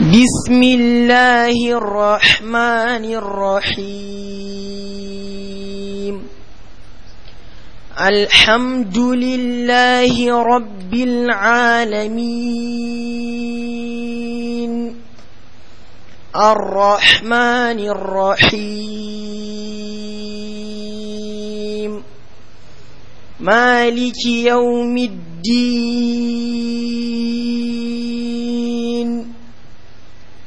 بسم الله الرحمن الرحيم الحمد لله رب العالمين الرحمن الرحيم مالك يوم الدين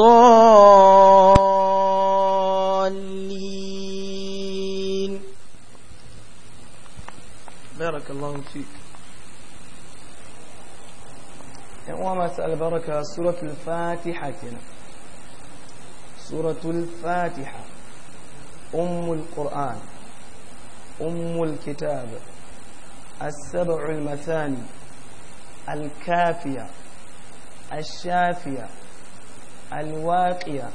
الضالين بارك الله فيك وما سأل بركة سورة الفاتحة كنا سورة الفاتحة أم القرآن أم الكتاب السبع المثاني الكافية الشافية alwaƙiya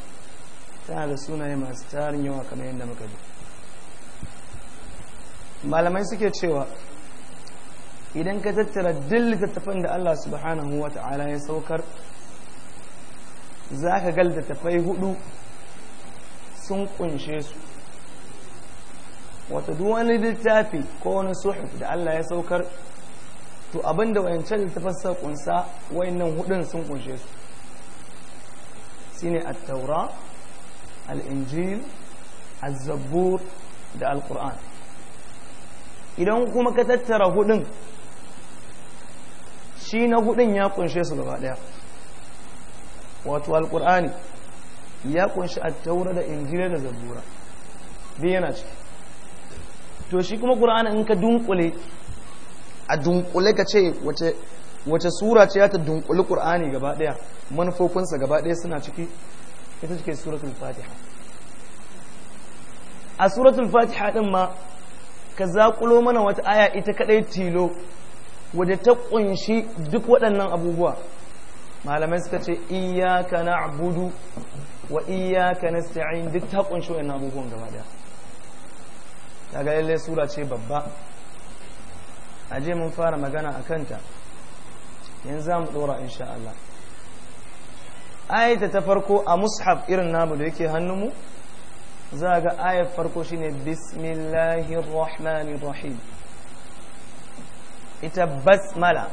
tana da sunaye masu tarin yawa kamar yadda muka ji malamai suke cewa idan ka tattara duk littattafan da Allah subhanahu wa ta'ala ya saukar za ka ga littattafai hudu sun kunshe su wata duk wani littafi ko wani suhuf da Allah ya saukar to abinda wayancan littattafan sa kunsa wayannan hudun sun kunshe su shine at-taura al-injil az-zabur da al-qur'an idan kuma ka tattara hudun shi na hudun ya kunshe su gaba daya wato al-qur'ani ya kunshi at-taura da injila da zabura bi yana ciki to shi kuma qur'ani in ka dunkule a dunkule ka ce wace wace sura ce ta dunkuli ƙur'ani gaba ɗaya manufofinsa gaba ɗaya suna ciki ita cike suratul fatiha a suratul fatiha ɗin ma ka zaƙulo mana wata aya ita kaɗai tilo wadda ta ƙunshi duk waɗannan abubuwa malamai suka ce iyaka abudu wa iyaka sta'in duk ta kunshi waɗannan abubuwan gaba ta kaga lalle sura ce babba aje mun fara magana a kanta yanzu za mu ɗora insha Allah ayata ta farko a mushaf irin namu da yake hannunmu za ga ayar farko shine bismillahirrahmanirrahim ita basmala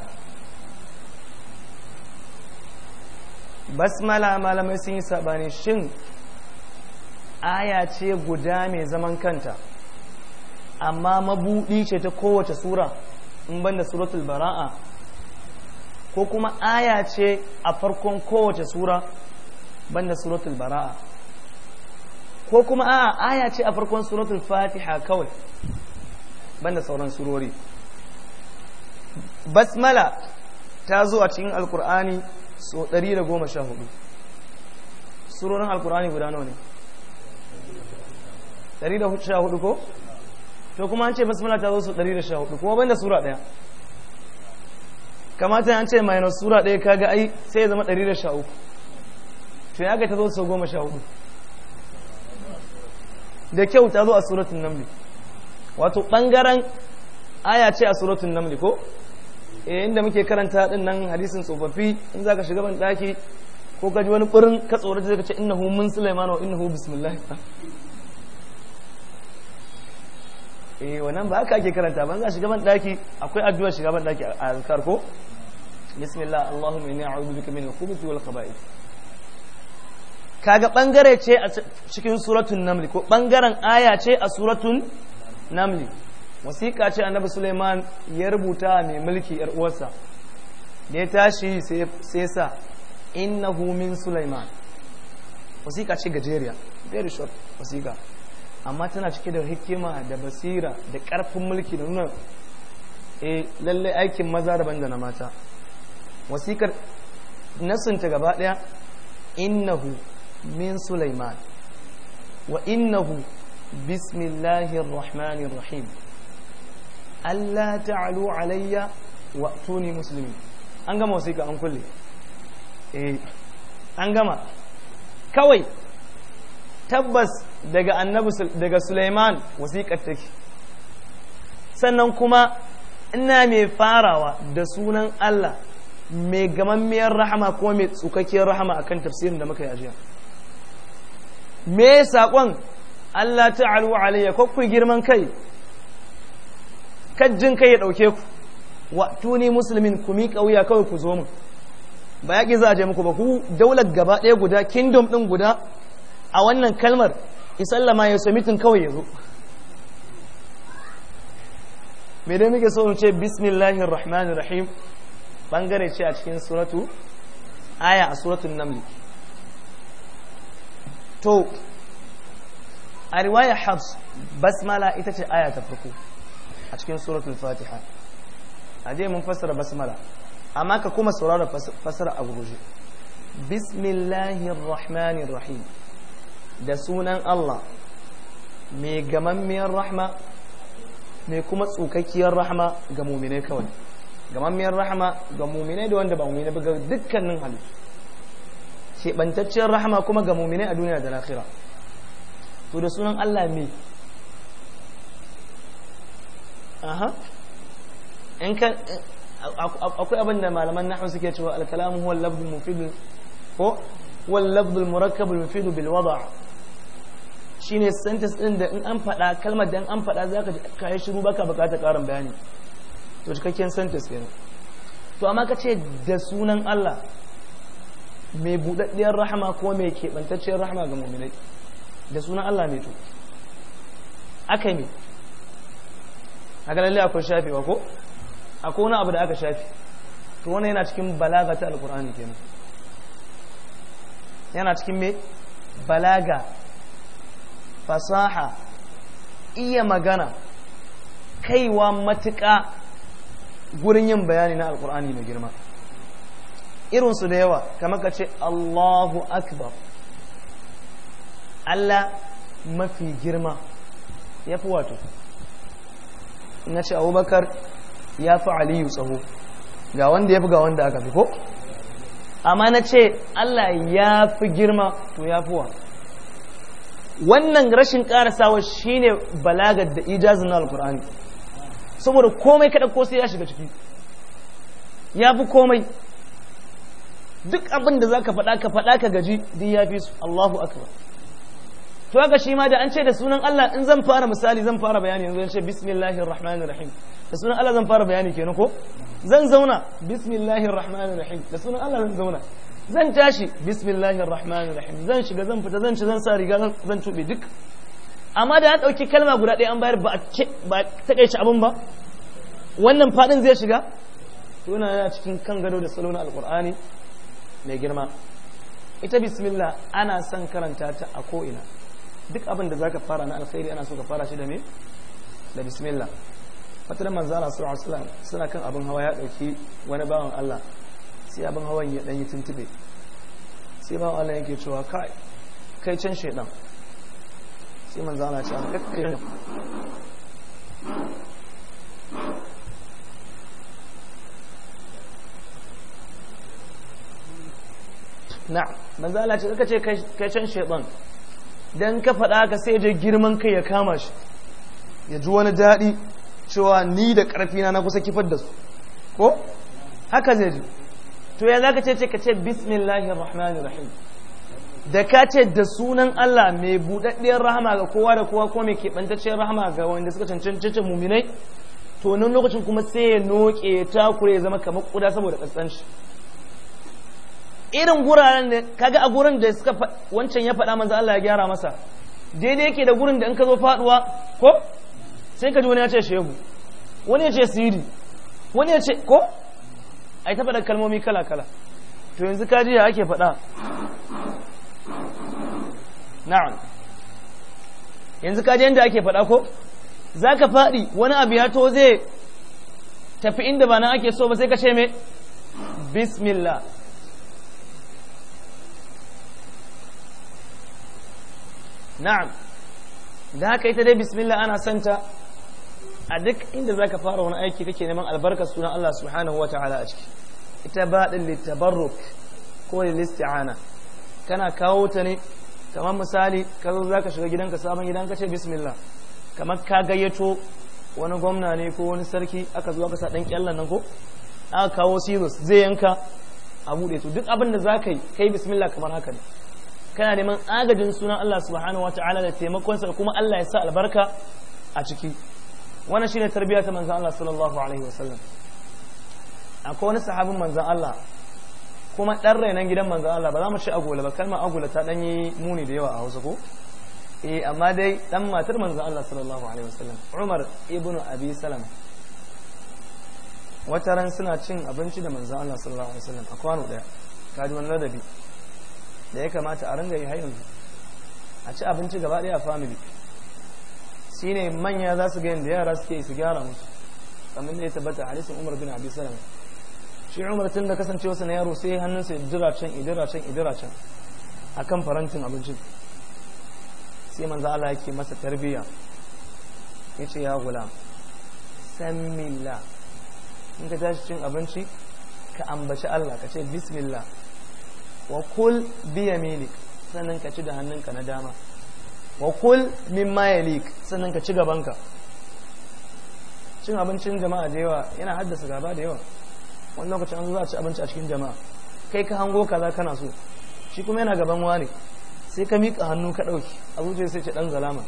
basmala malamai sun yi sabani shin aya ce guda mai zaman kanta amma mabuɗi ce ta kowace sura in banda suratul bara'a ko kuma aya ce a farkon kowace sura banda suratul bara'a ko kuma a'a aya ce a farkon suratul fatiha kawai banda sauran surori basmala ta zo a cikin alkur'ani so 114 surorin alkur'ani guda nawa ne 114 ko to kuma an ce basmala ta zo so 114 kuma banda sura daya kamata yance mai na sura ɗaya kaga ai sai ya zama 113 to ya ga ta zo sau goma sha da kyau ta zo a suratun namli wato ɓangaren aya ce a suratun namli ko eh, inda muke karanta din nan hadisin tsofaffi in za ka shiga ban ɗaki ko ka ji wani ɓurin ka tsorata zai ka ce innahu mun wa innahu bismillah eh wannan ba haka ake karanta ba za shiga ban ɗaki akwai addu'a shiga ban ɗaki a alkar ko bismillah allahumma inni a'udhu bika min al-khubuthi wal khaba'ith kaga bangare ce a cikin suratul naml ko bangaren aya ce a suratul naml wasiƙa ce annabi Suleiman ya rubuta mai mulki yar uwarsa ne tashi sai sa innahu min Suleiman wasiƙa ce gajeriya very short wasiƙa amma tana cike da hikima da basira da ƙarfin mulki da nuna eh lallai aikin maza daban da na mata wasikar nasunta gaba daya innahu min sulaiman wa innahu bismillahir rahmanir rahim Allah ta'alu alayya wa tuni musulmi an gama wasika an kulle eh an gama kawai tabbas daga annabi daga Sulaiman wasiƙar take sannan kuma ina mai farawa da sunan Allah mai gamammiyar rahama ko mai tsukakkiyar rahama akan tafsirin da muka yi ajiya me saƙon Allah ta'alu alayya ko ku girman kai kajjin kai ya ɗauke ku wa tuni musulmin ku mi ƙauya kawai ku zo mu ba yaƙi za a je muku ba ku daular gaba ɗaya guda kingdom ɗin guda a wannan kalmar isallama ya so mitin kawai ya zo me dai muke so mu ce bismillahir rahmanir rahim bangare ce a cikin suratu aya a suratun namli to a riwaya habs basmala ita ce aya ta farko a cikin suratun fatiha a je mun fassara basmala amma ka kuma saurara fassara a gurguje bismillahirrahmanirrahim da sunan Allah mai gamammiyar rahma mai kuma tsukakkiyar rahma ga muminai kawai gamammiyar rahama ga muminai da wanda ba muminai ba ga dukkanin halittu bantacciyar rahama kuma ga muminai a duniya da lahira to da sunan Allah me aha in ka akwai abin da malaman nahu suke cewa alkalamu huwa lafdul mufidu ko huwa lafdul murakkabul mufid bil wada' shine sentence din da in an faɗa kalmar da an faɗa zaka ka yi shiru baka bukata karin bayani to cikakken sentence kenan to amma ka ce da sunan Allah mai buɗaɗɗiyar rahama ko mai keɓantacciyar rahama ga muminai da sunan Allah ne to aka ne a ga lalle akwai wa ko ko wani abu da aka shafe to wani yana cikin balaga ta alkur'ani kenan yana cikin me balaga fasaha iya magana kaiwa matuƙa gurin yin bayani na alkur'ani mai girma irinsu da yawa kamar ka ce allahu akbar allah mafi girma ya fi wato na ce abubakar ya fi aliyu tsaho ga wanda ya fi ga wanda aka fi ko amma na ce allah ya fi girma to ya fi wa wannan rashin karasawa shine balagar da ijazin na alkur'ani saboda komai kada ko sai ya shiga ciki ya fi komai duk abin da za ka faɗa ka faɗa ka gaji duk ya fi su Allahu akbar to haka shi ma da an ce da sunan Allah in zan fara misali zan fara bayani yanzu zan ce bismillahir rahmanir rahim da sunan Allah zan fara bayani kenan ko zan zauna bismillahir rahmanir rahim da sunan Allah zan zauna zan tashi bismillahir rahmanir rahim zan shiga zan fita zan ci zan sa riga zan tube duk amma da ya ɗauki kalma guda ɗaya an bayar ba a taƙaice abin ba wannan faɗin zai shiga to yana cikin kan gado da salo na alƙur'ani mai girma ita bismillah ana son karanta ta a ko'ina duk abin da zaka fara na alkhairi ana so ka fara shi da me da bismillah fatar manzo sallallahu alaihi wasallam suna kan abin hawa ya ɗauki wani bawan Allah sai abin hawan ya dan yi tuntube sai bawan Allah yake cewa kai kai can shedan sai man Allah ce kakkai na manzo Allah ce ka ce kai can shedan dan ka faɗa ka sai je girman kai ya kama shi ya ji wani daɗi cewa ni da ƙarfina na kusa kifar da su ko haka zai ji to ya za ka ce ka ce bismillahirrahmanirrahim da ka ce da sunan Allah mai buɗaɗɗiyar rahama ga kowa da kowa ko mai keɓantacciyar rahama ga wanda suka cancanci muminai to nan lokacin kuma sai ya noke ta kure zama kamar kuda saboda kaskanci irin guraren da kaga a gurin da suka wancan ya faɗa manzo Allah ya gyara masa daidai yake da gurin da in ka zo faduwa ko sai ka ji wani ya ce shehu wani ya ce siri wani ya ce ko ai ta faɗa kalmomi kala kala to yanzu ka ji ya ake faɗa na'am yanzu kaji yanda ake faɗa ko zaka ka faɗi wani abu ya to zai tafi inda ba nan ake so ba sai ka ce me bismillah na'am da haka ita dai bismillah ana santa a duk inda zaka fara wani aiki kake neman albarka sunan Allah subhanahu wa ta'ala a ciki ita baɗin littabarruk ko isti'ana kana kawo ta ne kamar misali ka zo za ka shiga gidanka sabon gidan ka ce bismillah kamar ka gayyato wani gwamna ne ko wani sarki aka zo aka sa ɗan ƙyallan nan ko aka kawo sirus zai yanka a buɗe to duk abin da za ka yi kai bismillah kamar haka ne kana neman agajin sunan Allah subhanahu wata'ala da taimakonsa kuma Allah ya sa albarka a ciki wannan shine tarbiyya ta manzon Allah sallallahu alaihi wasallam akwai wani sahabin manzon Allah kuma dan rainan gidan manzon Allah ba za mu ci agola ba kalmar agola ta dan yi muni da yawa a Hausa ko eh amma dai dan matar manzon Allah sallallahu alaihi wasallam Umar ibn Abi Salam wata ran suna cin abinci da manzon Allah sallallahu alaihi wasallam a kwano daya kaji wani ladabi da ya kamata a ranga yi har yanzu a ci abinci gaba daya a family shine manya za su ga yadda yara suke su gyara musu kamar da ya tabbata hadisin Umar bin Abi Salam shi umar tun da kasance wasu na yaro sai hannunsa ya jira can idira can idira can a kan farantin abincin sai manzo Allah yake masa tarbiyya ya ce ya gula sammila in ka tashi cin abinci ka ambaci Allah ka ce bismillah wa kul milik sannan ka ci da hannunka na dama wa kul mimma yalik sannan ka ci gabanka cin abincin jama'a da yawa yana haddasa gaba da yawa wani lokacin an zo za a ci abinci a cikin jama'a kai ka hango kaza kana so shi kuma yana gaban wani sai ka miƙa hannu ka ɗauki a zuciya sai ce ɗan zalama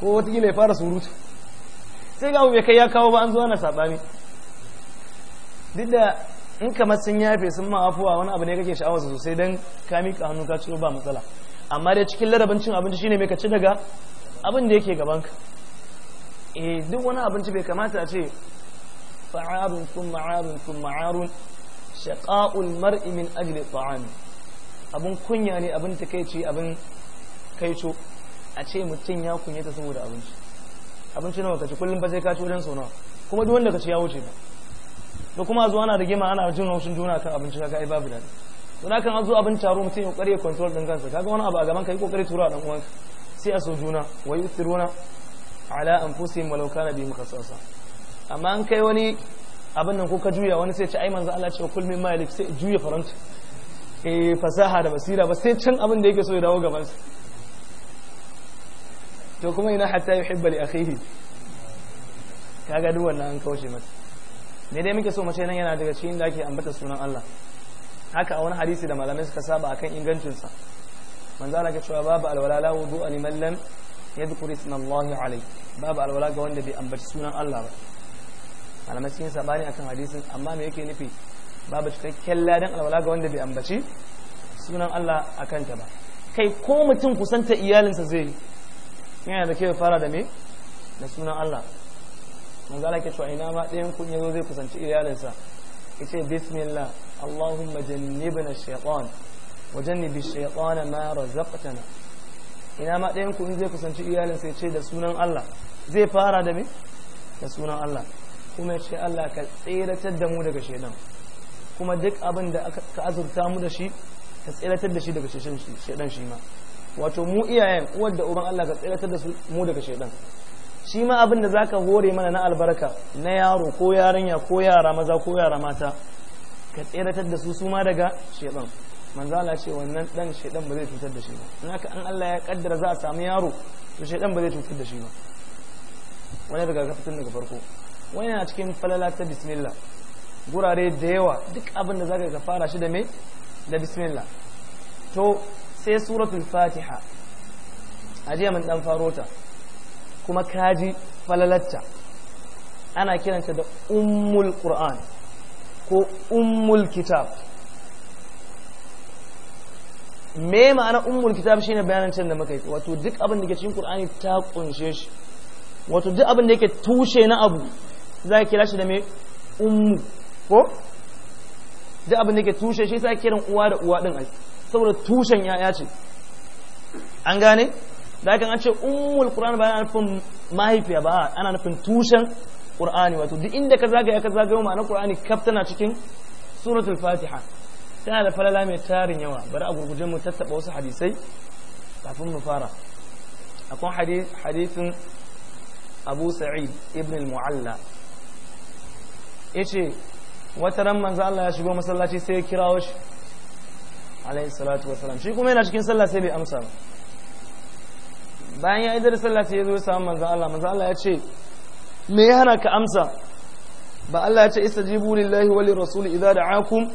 ko wataƙila ya fara surutu sai ga bai kai ya kawo ba an zo ana saɓani duk da in kamar sun yafe sun ma afuwa wani abu ne kake sha'awarsa sosai don ka miƙa hannu ka ciro ba matsala amma dai cikin ladabin cin abinci shine mai ka ci daga abin da yake gabanka eh duk wani abinci bai kamata a ce فعار ثم عار ثم عار شقاء المرء من أجل طعام abin kunya ne abin takeici abin kaico a ce mutum ya kunya ta saboda abinci abinci nawa kaci kullum ba sai ka ci wajen kuma duk wanda kaci ya wuce ba da kuma zuwa ana da gema ana jin haushin juna kan abinci kaga ai babu dadi to na kan azu abin taro mutum ya kware control din kansa kaga wani abu a gaban ka yi kokari tura dan uwanka sai a so juna wa yuthiruna ala anfusihim walau kana bihim khasasa amma an kai wani abin nan ko ka juya wani sai ce ai manzo Allah ce kul min malik sai juya faranta eh fasaha da basira ba sai can abin da yake so ya dawo gaban sa to kuma ina hatta yuhibba li akhihi kaga duk wannan an kaushe masa me dai muke so mace nan yana daga cikin da ake ambata sunan Allah haka a wani hadisi da malamai suka saba akan sa manzo Allah ke cewa babu alwala la wudu liman lam yadhkur isma Allah alayhi babu alwala ga wanda bai ambaci sunan Allah ba malamai sun yi sabani akan hadisin amma me yake nufi babu cikakken ladan alwala ga wanda bai ambaci sunan Allah a kanta ba kai ko mutum kusanta iyalinsa zai yi yana da kewa fara da me da sunan Allah manzo Allah ke cewa ina ma ɗayan kun yazo zai kusanci iyalinsa yace bismillah allahumma jannibna shaytan wa jannibi shaytana ma razaqtana ina ma ɗayan kun zai kusanci iyalinsa yace da sunan Allah zai fara da me da sunan Allah kuma ya ce Allah ka tseratar da mu daga shaidan kuma duk abin da ka azurta mu da shi ka tseratar da shi daga shaidan shi ma wato mu iyayen uwar da uban Allah ka tseratar da mu daga shaidan shi ma abin da zaka hore mana na albarka na yaro ko yarinya ko yara maza ko yara mata ka tseratar da su su ma daga shaidan manzo Allah ce wannan dan shaidan ba zai cutar da shi ba in haka an Allah ya kaddara za a samu yaro to shaidan ba zai cutar da shi ba wani daga kafin daga farko wani yana cikin falala ta bismillah gurare da yawa duk abin da zaka ka fara shi da me da bismillah to sai suratul fatiha jiya mun dan faro ta kuma kaji falalatta ana kiranta da ummul qur'an ko ummul kitab me ma'ana ummul kitab shine bayanan can da muka yi wato duk abin da ke cikin qur'ani ta kunshe shi wato duk abin da yake tushe na abu za a kira shi da mai ummu ko duk abin da ke tushe shi sai kiran uwa da uwa din ai saboda tushen yaya ce an gane da kan an ce ummul qur'an ba ana nufin mahaifiya ba ana nufin tushen qur'ani wato duk inda ka zagaya ka zagaya ma'anar qur'ani kaf tana cikin suratul fatiha tana da falala mai tarin yawa bari a gurguje mu tattaba wasu hadisai kafin mu fara akwai hadisin abu sa'id ibn al-mu'alla yace wata ran manzo Allah ya shigo masallaci sai ya kirawo shi alayhi salatu wa salam shi kuma yana cikin sallah sai bai amsa ba bayan ya idar sallah sai ya zo ya samu manzo Allah manzo Allah ya ce me ya hana ka amsa ba Allah ya ce istajibu lillahi wa lirrasul idza da'akum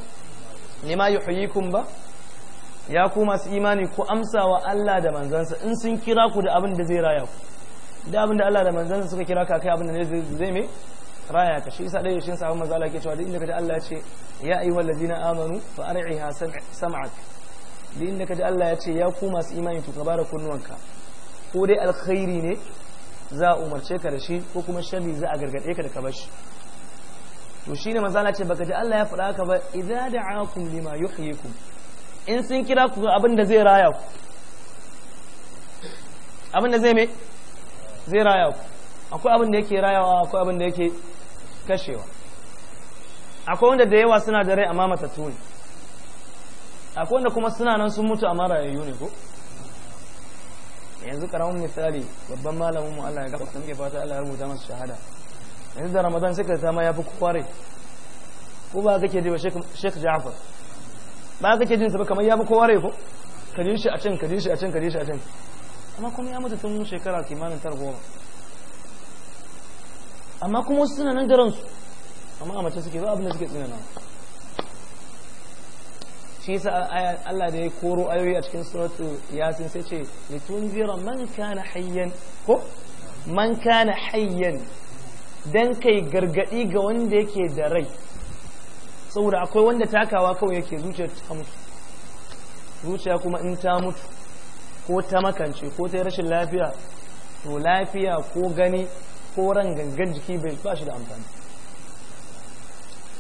lima yuhyikum ba ya ku masu imani ku amsa wa Allah da manzansa in sun kira ku da abin da zai raya ku da abin da Allah da manzansa suka kira ka kai abin da zai me raya ta shi isa ɗaya shi sahabban manzo Allah ke cewa duk inda kaji Allah ya ce ya ayyuhal ladzina amanu fa ar'iha sam'ak duk inda kaji Allah ya ce ya ku masu imani to ka bara kunnuwanka ko dai alkhairi ne za a umarce ka da shi ko kuma sharri za a gargaɗe ka da ka bashi to ne manzo Allah ce baka ji Allah ya faɗa haka ba idza da'akum lima yuhyikum in sun kira ku abin da zai raya ku abin da zai me zai raya ku akwai abin da yake rayawa akwai abin da yake kashewa akwai wanda da yawa suna da rai amma matattu ne akwai wanda kuma suna nan sun mutu amma rayayyu ne ko yanzu karamin misali babban malamin mu Allah ya gafa sun ke fata Allah ya rubuta masa shahada yanzu da Ramadan suka ta ma yafi kware ko ba kake da Sheikh Ja'far ba kake jin sa ba kamar yafi kware ko ka ji shi a can ka ji shi a can ka ji shi a can amma kuma ya mutu tun shekara kimanin tar goma amma kuma wasu suna nan garansu amma a mace suke ba abin da suke tsinana shi yasa Allah da ya koro ayoyi a cikin suratu yasin sai ce litunzira man kana hayyan ko man kana hayyan dan kai gargadi ga wanda yake da rai saboda akwai wanda takawa kawai yake zuciya ta mutu zuciya kuma in ta mutu ko ta makance ko ta rashin lafiya to lafiya ko gani ko ran gangan jiki bai ba shi da amfani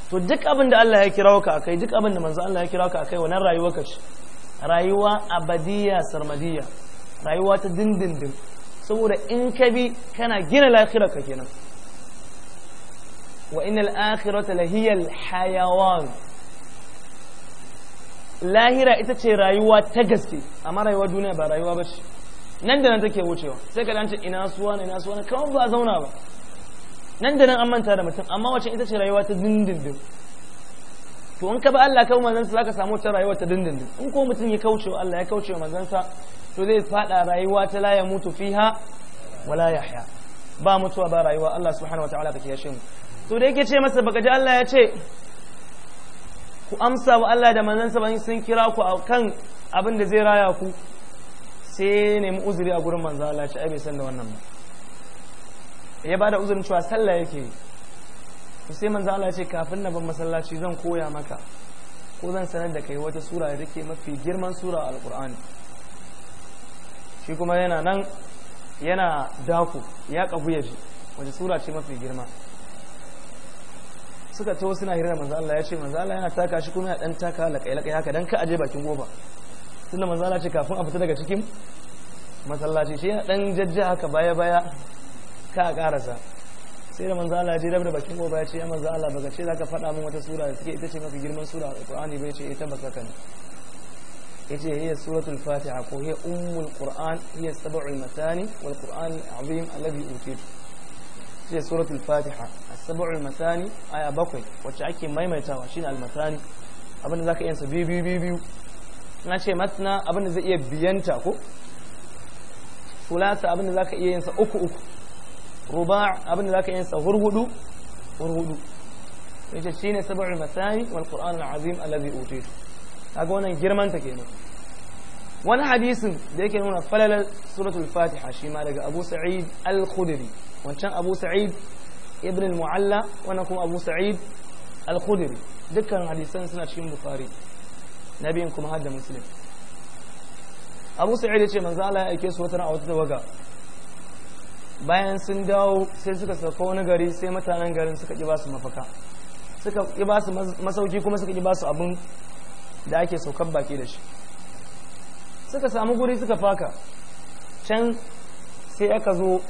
to duk abin da Allah ya kirawo ka kai, duk abin da manzo Allah ya kirawo ka kai, wannan rayuwa ka ce rayuwa abadiya sarmadiya rayuwa ta dindindin saboda in ka bi kana gina lakhira ka kenan wa innal akhirata lahiyal hayawan lahira ita ce rayuwa ta gaske amma rayuwa duniya ba rayuwa ba ce nan da nan take wucewa sai ka dace ina suwa ne ina suwa ne kamar ba a zauna ba nan da nan an manta da mutum amma wacce ita ce rayuwa ta dindindin to in ka ba Allah kawo manzansa zaka samu ta rayuwa ta dindindin in ko mutum ya kauce wa Allah ya kauce wa manzansa to zai fada rayuwa ta la ya mutu fiha wala yahya ba mutuwa ba rayuwa Allah subhanahu wataala ka ya mu to da yake ce masa baka ji Allah ya ce ku amsa wa Allah da manzansa ban sun kira ku akan abin da zai raya ku sai nemi uzuri a gurin manzo Allah ce ai bai san da wannan ba ya bada uzurin cewa sallah yake yi sai manzo Allah ce kafin na ban masallaci zan koya maka ko zan sanar da kai wata sura da take mafi girman sura a alqur'ani shi kuma yana nan yana daku ya kafu ya ji wata sura ce mafi girma suka ta suna na da manzo Allah ya ce manzo Allah yana taka shi kuma ya dan taka laƙai haka dan ka aje bakin goba tunda manzo Allah ce kafin a fita daga cikin masallaci shi ya dan jajja haka baya baya ka karasa sai da manzo Allah ya je da bakin goba ya ce ya manzo Allah baka ce zaka faɗa min wata sura da take ita ce mafi girman sura a Qur'ani bai ce ita eh, baka kan yace hiya suratul fatiha ko hiya ummul qur'an hiya sab'ul matani wal qur'an azim alladhi utitu sai suratul fatiha as-sab'ul matani aya bakwai wacce ake maimaitawa shine al-matani abinda zaka yin sa biyu biyu biyu na ce matna abinda zai iya biyanta ko sulasa abinda za ka iya yinsa uku uku ruba abinda za ka iya yinsa hurhudu hurhudu shi ne sab'ul masani wal qur'an al'azim azim utitu kaga wannan girman ta kenan wani hadisin da yake nuna falalar suratul fatiha shi ma daga abu sa'id al-khudri wancan abu sa'id ibn al-mu'alla wannan kuma abu sa'id al-khudri dukkan hadisan suna cikin bukhari na biyun kuma hadda musulun abu sa'id ya ce manzo Allah ya aike su wata a wata waga bayan sun dawo sai suka sauka wani gari sai mutanen garin suka ƙi ba su mafaka suka ƙi ba su masauki kuma suka ƙi ba su abin da ake saukan baki da shi suka samu guri suka faka can sai aka zo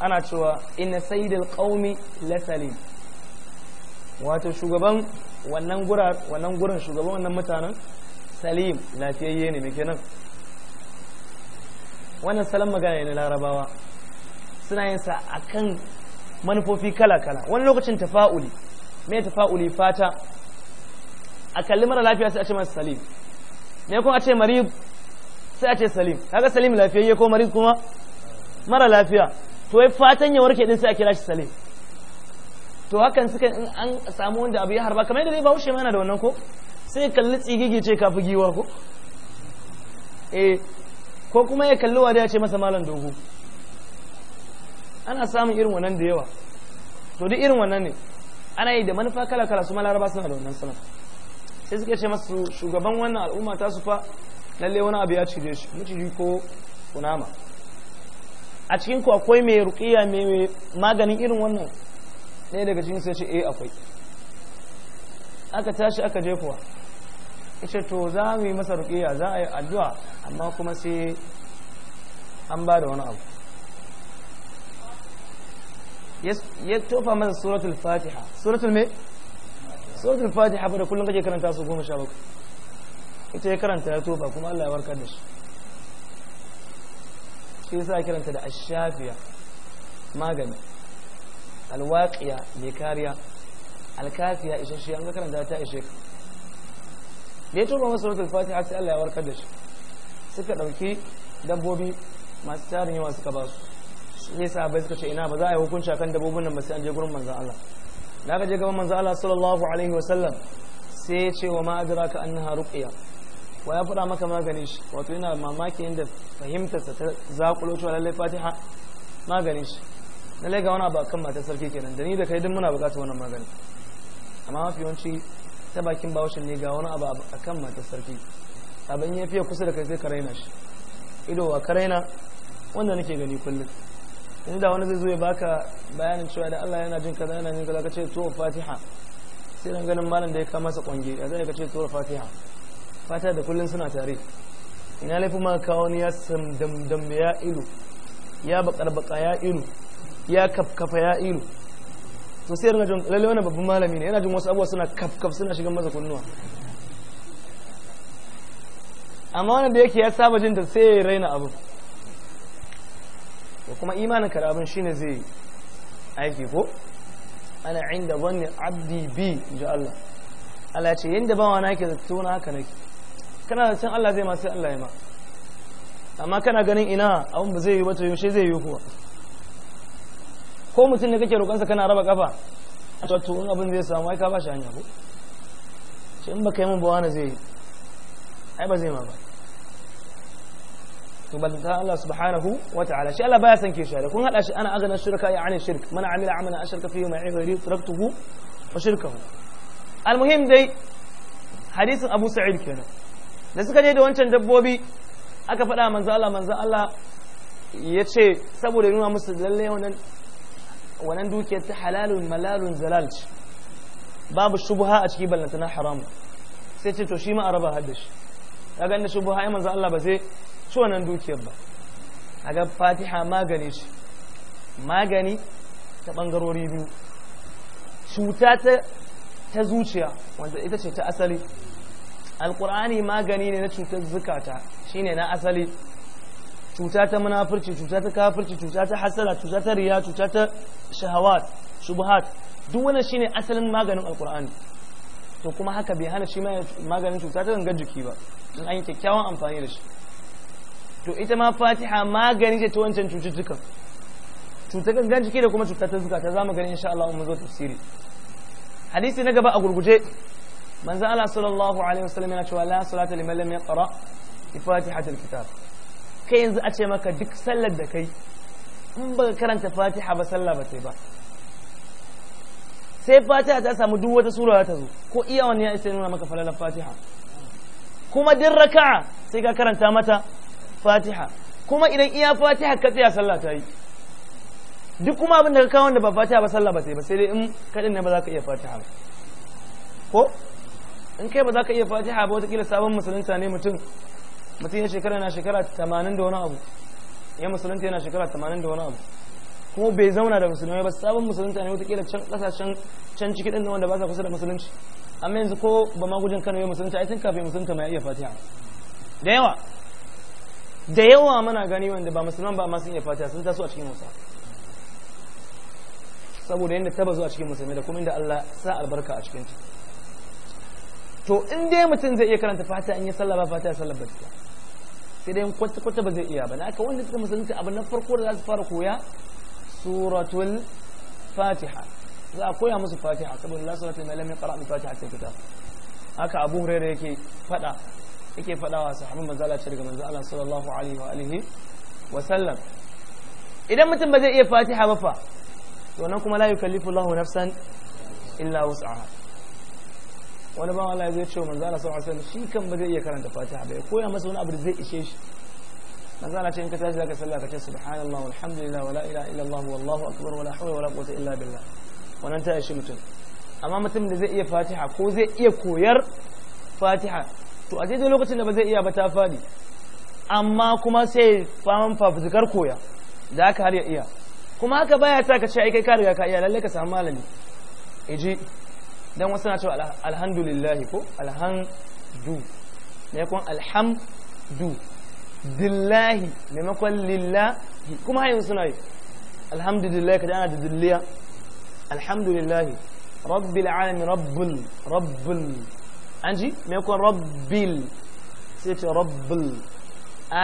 ana cewa ina sayyidil qaumi la salim wato shugaban wannan gura wannan gurin shugaban wannan mutanen salim lafiyayye ne me kenan wannan salon magana ne larabawa suna yin sa akan manufofi kala-kala wani lokacin tafa'uli me tafa'uli fata a kalli mara lafiya sai a ce masa salim me kuma a ce marib sai a ce salim kaga salim lafiyayye ko marib kuma mara lafiya to wai fatan ya warke din sai a kira shi salim to hakan suka in an samu wanda abu ya harba kamar yadda dai bahaushe mana da wannan ko sai kalli tsigige ce kafi giwa ko eh ko kuma ya kalli wada ya ce masa malam dogo ana samun irin wannan da yawa to duk irin wannan ne ana yi da manufa kala kala su malaraba suna da wannan sanar sai suka ce masu shugaban wannan al'umma ta su fa lalle wani abu ya cire shi miciji ko kunama a cikin ku akwai mai rukiya mai maganin irin wannan ɗaya daga cikin sai ce eh akwai aka tashi aka je kuwa yace to za mu yi masa ruqiya za a yi addu'a amma kuma sai an ba da wani abu ya tofa masa suratul fatiha suratul me suratul fatiha fa da kullum kake karanta su goma sha bakwai ita ya karanta ya tofa kuma Allah ya warkar da shi shi yasa karanta da ashafiya magani alwaƙiya mai kariya alkafiya isasshe an ga karanta ta ishe ka da ya tuba masa suratul fatiha sai Allah ya warkar da shi suka ɗauki dabbobi masu tarin yawa suka ba su sai sahabbai suka ce ina ba za a yi hukunci akan dabbobin nan ba sai an je gurin manzon Allah da aka je gaban manzon Allah sallallahu alaihi wa sallam sai ya ce wa ma adraka annaha ruqya wa ya fada maka maganin shi wato yana mamaki inda fahimtarsa ta zakulo cewa lallai fatiha maganin shi na lega wani abu kan matar sarki kenan da ni da kai duk muna bukatar wannan magani amma mafi yawanci ta bakin bawashin ne ga wani abu kan matar sarki abin ya fiye kusa da kai sai ka raina shi ido wa ka raina wanda nake gani kullum da wani zai zo ya baka bayanin cewa da Allah yana jin kaza yana jin kaza kace to Fatiha sai dan ganin malam da ya kama masa kwange da zai kace to Fatiha fata da kullun suna tare ina laifin ma kawo ni ya sam dam dam ya ilu ya bakar baka ya ilu ya kafkafa ya ilu to sai ringa jin lalle wannan babban malami ne yana jin wasu abubuwa suna kafkaf suna shigan masa kunnuwa amma wannan da yake ya saba jin ta sai ya raina abu ko kuma imanin kar abin shine zai aiki ko ana inda wani abdi bi ji Allah Allah ce yadda bawa na yake zato na haka nake kana da can Allah zai masu Allah ya ma amma kana ganin ina abin ba zai yi ba to yaushe zai yi kuwa ko mutum ne kake roƙonsa kana raba kafa to to in abin zai samu ai ka bashi shi hanya ko shi in baka yi min ba wani zai ai ba zai ma ba to ban ta Allah subhanahu wa ta'ala shi Allah baya san ke share kun hada shi ana agana shirka ya ani shirk man amila amalan ashraka fihi ma ghayri taraktuhu wa shirkahu almuhim dai hadisin Abu Sa'id kenan da suka je da wancan dabbobi aka faɗa manzo Allah manzo Allah ya ce saboda nuna musu lalle wannan wannan dukiyar ta halalun malalun zalal ce babu shubuha a ciki ballanta na haramu sai ce to shi ma araba raba hadda shi kaga ganda shubuha ya manzo Allah ba sai ci wannan dukiyar ba ga Fatiha magani shi magani ta bangarori biyu cuta ta ta zuciya wanda ita ce ta asali alqur'ani magani ne na cutar zukata shine na asali cutata ta munafurci cuta kafirci cutata ta hasala cuta riya cutata shahawat shubuhat duk wannan shine asalin maganin alqur'ani to kuma haka bai hana shi maganin cutata ta gangar jiki ba in an yi kyakkyawan amfani da shi to ita ma fatiha magani ce ta wancan cututtukan cutar gangan jiki da kuma cutar ta zuka ta zama gani insha Allah mun zo tafsiri hadisi na gaba a gurguje manzo Allah sallallahu alaihi wasallam yana cewa la salata liman lam yaqra bi fatihatil kitab kai yanzu a ce maka duk sallar da kai in ka karanta fatiha ba sallah ba sai ba sai fatiha ta samu duk wata sura ta zo ko iya wani ya isa nuna maka falalar fatiha kuma din raka sai ka karanta mata fatiha kuma idan iya fatiha ka tsaya sallah ta yi duk kuma abin da ka kawo da ba fatiha ba sallah ba sai ba sai dai in kaɗin ne ba za ka iya fatiha ba ko in kai ba za ka iya fatiha ba watakila sabon musulunta ne mutum mutum ya shekara na shekara tamanin da wani abu ya musulunta yana shekara tamanin da wani abu kuma bai zauna da musulmai ba sabon musulunta ne wataƙila can kasashen can ciki din wanda ba sa kusa da musulunci amma yanzu ko ba ma gujin kano ya musulunta ai tun kafin musulunta ma ya iya fatiha da yawa da yawa muna gani wanda ba musulman ba masu iya fatiha sun taso a cikin musa saboda yadda ta bazu a cikin musulmai da kuma inda Allah sa albarka a cikin ta to in dai mutum zai iya karanta fatiha in ya sallah ba fatiha sallah ba sai dai kwata-kwata ba zai iya ba haka wanda suka musulunta abu na farko da za su fara koya suratul fatiha za a koya musu fatiha saboda la suratul mai lamin qara'atul fatiha sai kitab haka abu hurairah yake fada yake fada wa sahabban manzo Allah daga manzo Allah sallallahu alaihi wa alihi wa sallam idan mutum ba zai iya fatiha ba fa to nan kuma la yukallifu Allahu nafsan illa wus'aha wani bawan Allah zai ce wa manzo Allah sallallahu alaihi shi kan ba zai iya karanta Fatiha ba ya koya masa wani abu da zai ishe shi manzo Allah ce in ka tashi zaka sallah ka ce subhanallahi walhamdulillahi wala ilaha illallah wallahu akbar wala hawla wala quwwata illa billah wannan ta ishe mutum amma mutum da zai iya Fatiha ko zai iya koyar Fatiha to a daidai lokacin da ba zai iya ba ta fadi amma kuma sai faman fafutukar koya da aka har ya iya kuma haka baya sa ka ce ai kai ka riga ka iya lalle ka samu malami iji dan wasu na cewa alhamdulillahi ko alhamdu ne kun alhamdu dillahi makon lillahi kuma hayin suna yi alhamdulillahi kada ana da dilliya alhamdulillahi rabbil alamin rabbul rabbul anji me kun rabbil sai ce rabbul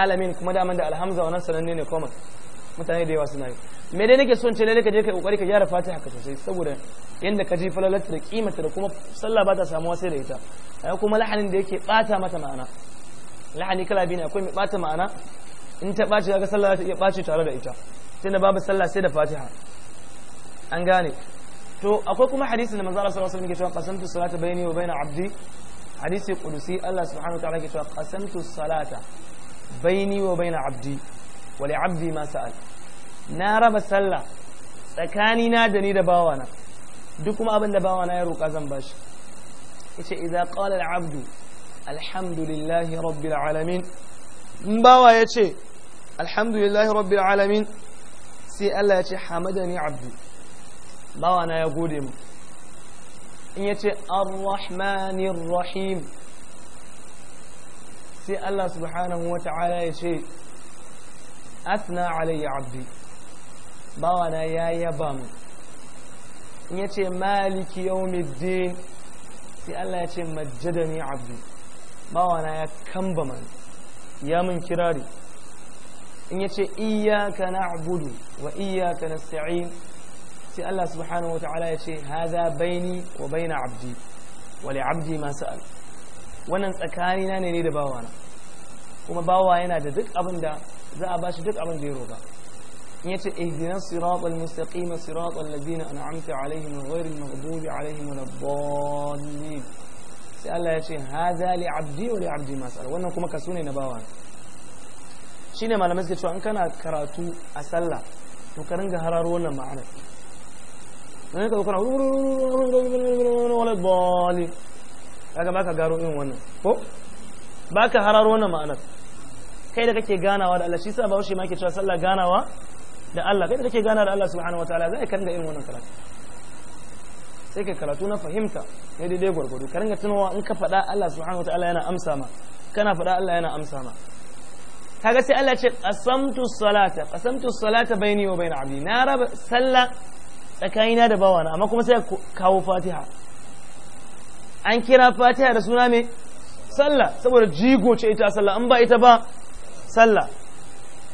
alamin kuma da daman da alhamza wannan sananne ne kuma mutane da yawa suna yi me dai nake son ce lalle ka je kai kokari ka gyara fatiha ka sosai saboda yanda ka ji falalarta da kimanta da kuma sallah ba ta samuwa sai da ita ai kuma lahanin da yake bata mata ma'ana lahani kala biyu ne akwai mai bata ma'ana in ta bace kaga sallah ta iya bace tare da ita sai tunda babu sallah sai da fatiha an gane to akwai kuma hadisin da manzo Allah sallallahu alaihi wasallam yake cewa qasamtu salata bayni wa bayna abdi hadisi qudusi Allah subhanahu wa ta'ala yake cewa qasamtu salata bayni wa bayna abdi wa li abdi ma sa'al na raba sallah tsakani na da ni da bawana duk kuma abin da bawana ya roƙa zan bashi yace idza qala al-abdu alhamdulillahi rabbil alamin in bawa yace alhamdulillahi rabbil alamin sai Allah yace hamadani abdu bawana ya gode mu in yace ar-rahmanir rahim sai Allah subhanahu wa ta'ala yace athna alayya abdi bawana ya yaba mu in ya ce maliki yawmiddin sai Allah ya ce majjadani abdi bawana ya kamba man ya mun kirari in ya ce iyaka abudu wa iyaka sa'in. sai Allah subhanahu wa ta'ala ya ce haza baini wa baina abdi wa li abdi ma sa'al wannan tsakanina ne ne da bawana kuma bawa yana da duk abin da za a bashi duk abin da ya roba. yace ihdinas siratal mustaqim siratal ladina an'amta alaihim ghairil maghdubi alaihim waladdallin sai Allah yace hadha li 'abdi wa li 'abdi mas'al wannan kuma kaso ne na bawa shine malamai suke cewa in kana karatu a sallah to ka ringa hararo wannan ma'ana ne ka kana waladdallin kaga baka garo irin wannan ko baka hararo wannan ma'anar kai da kake ganawa da Allah shi yasa bawo shi ma ke cewa sallah ganawa da Allah kai da kake gana da Allah subhanahu wataala zai ka ringa irin wannan karatu sai ka karatu na fahimta ne daidai gwargwado ka ringa tunawa in ka faɗa Allah subhanahu wataala yana amsa ma kana faɗa Allah yana amsa ma kaga sai Allah ce qasamtu salata qasamtu salata baini wa bain abdi na raba sallah tsakanina da bawana amma kuma sai kawo Fatiha an kira Fatiha da suna me sallah saboda jigo ce ita sallah an ba ita ba sallah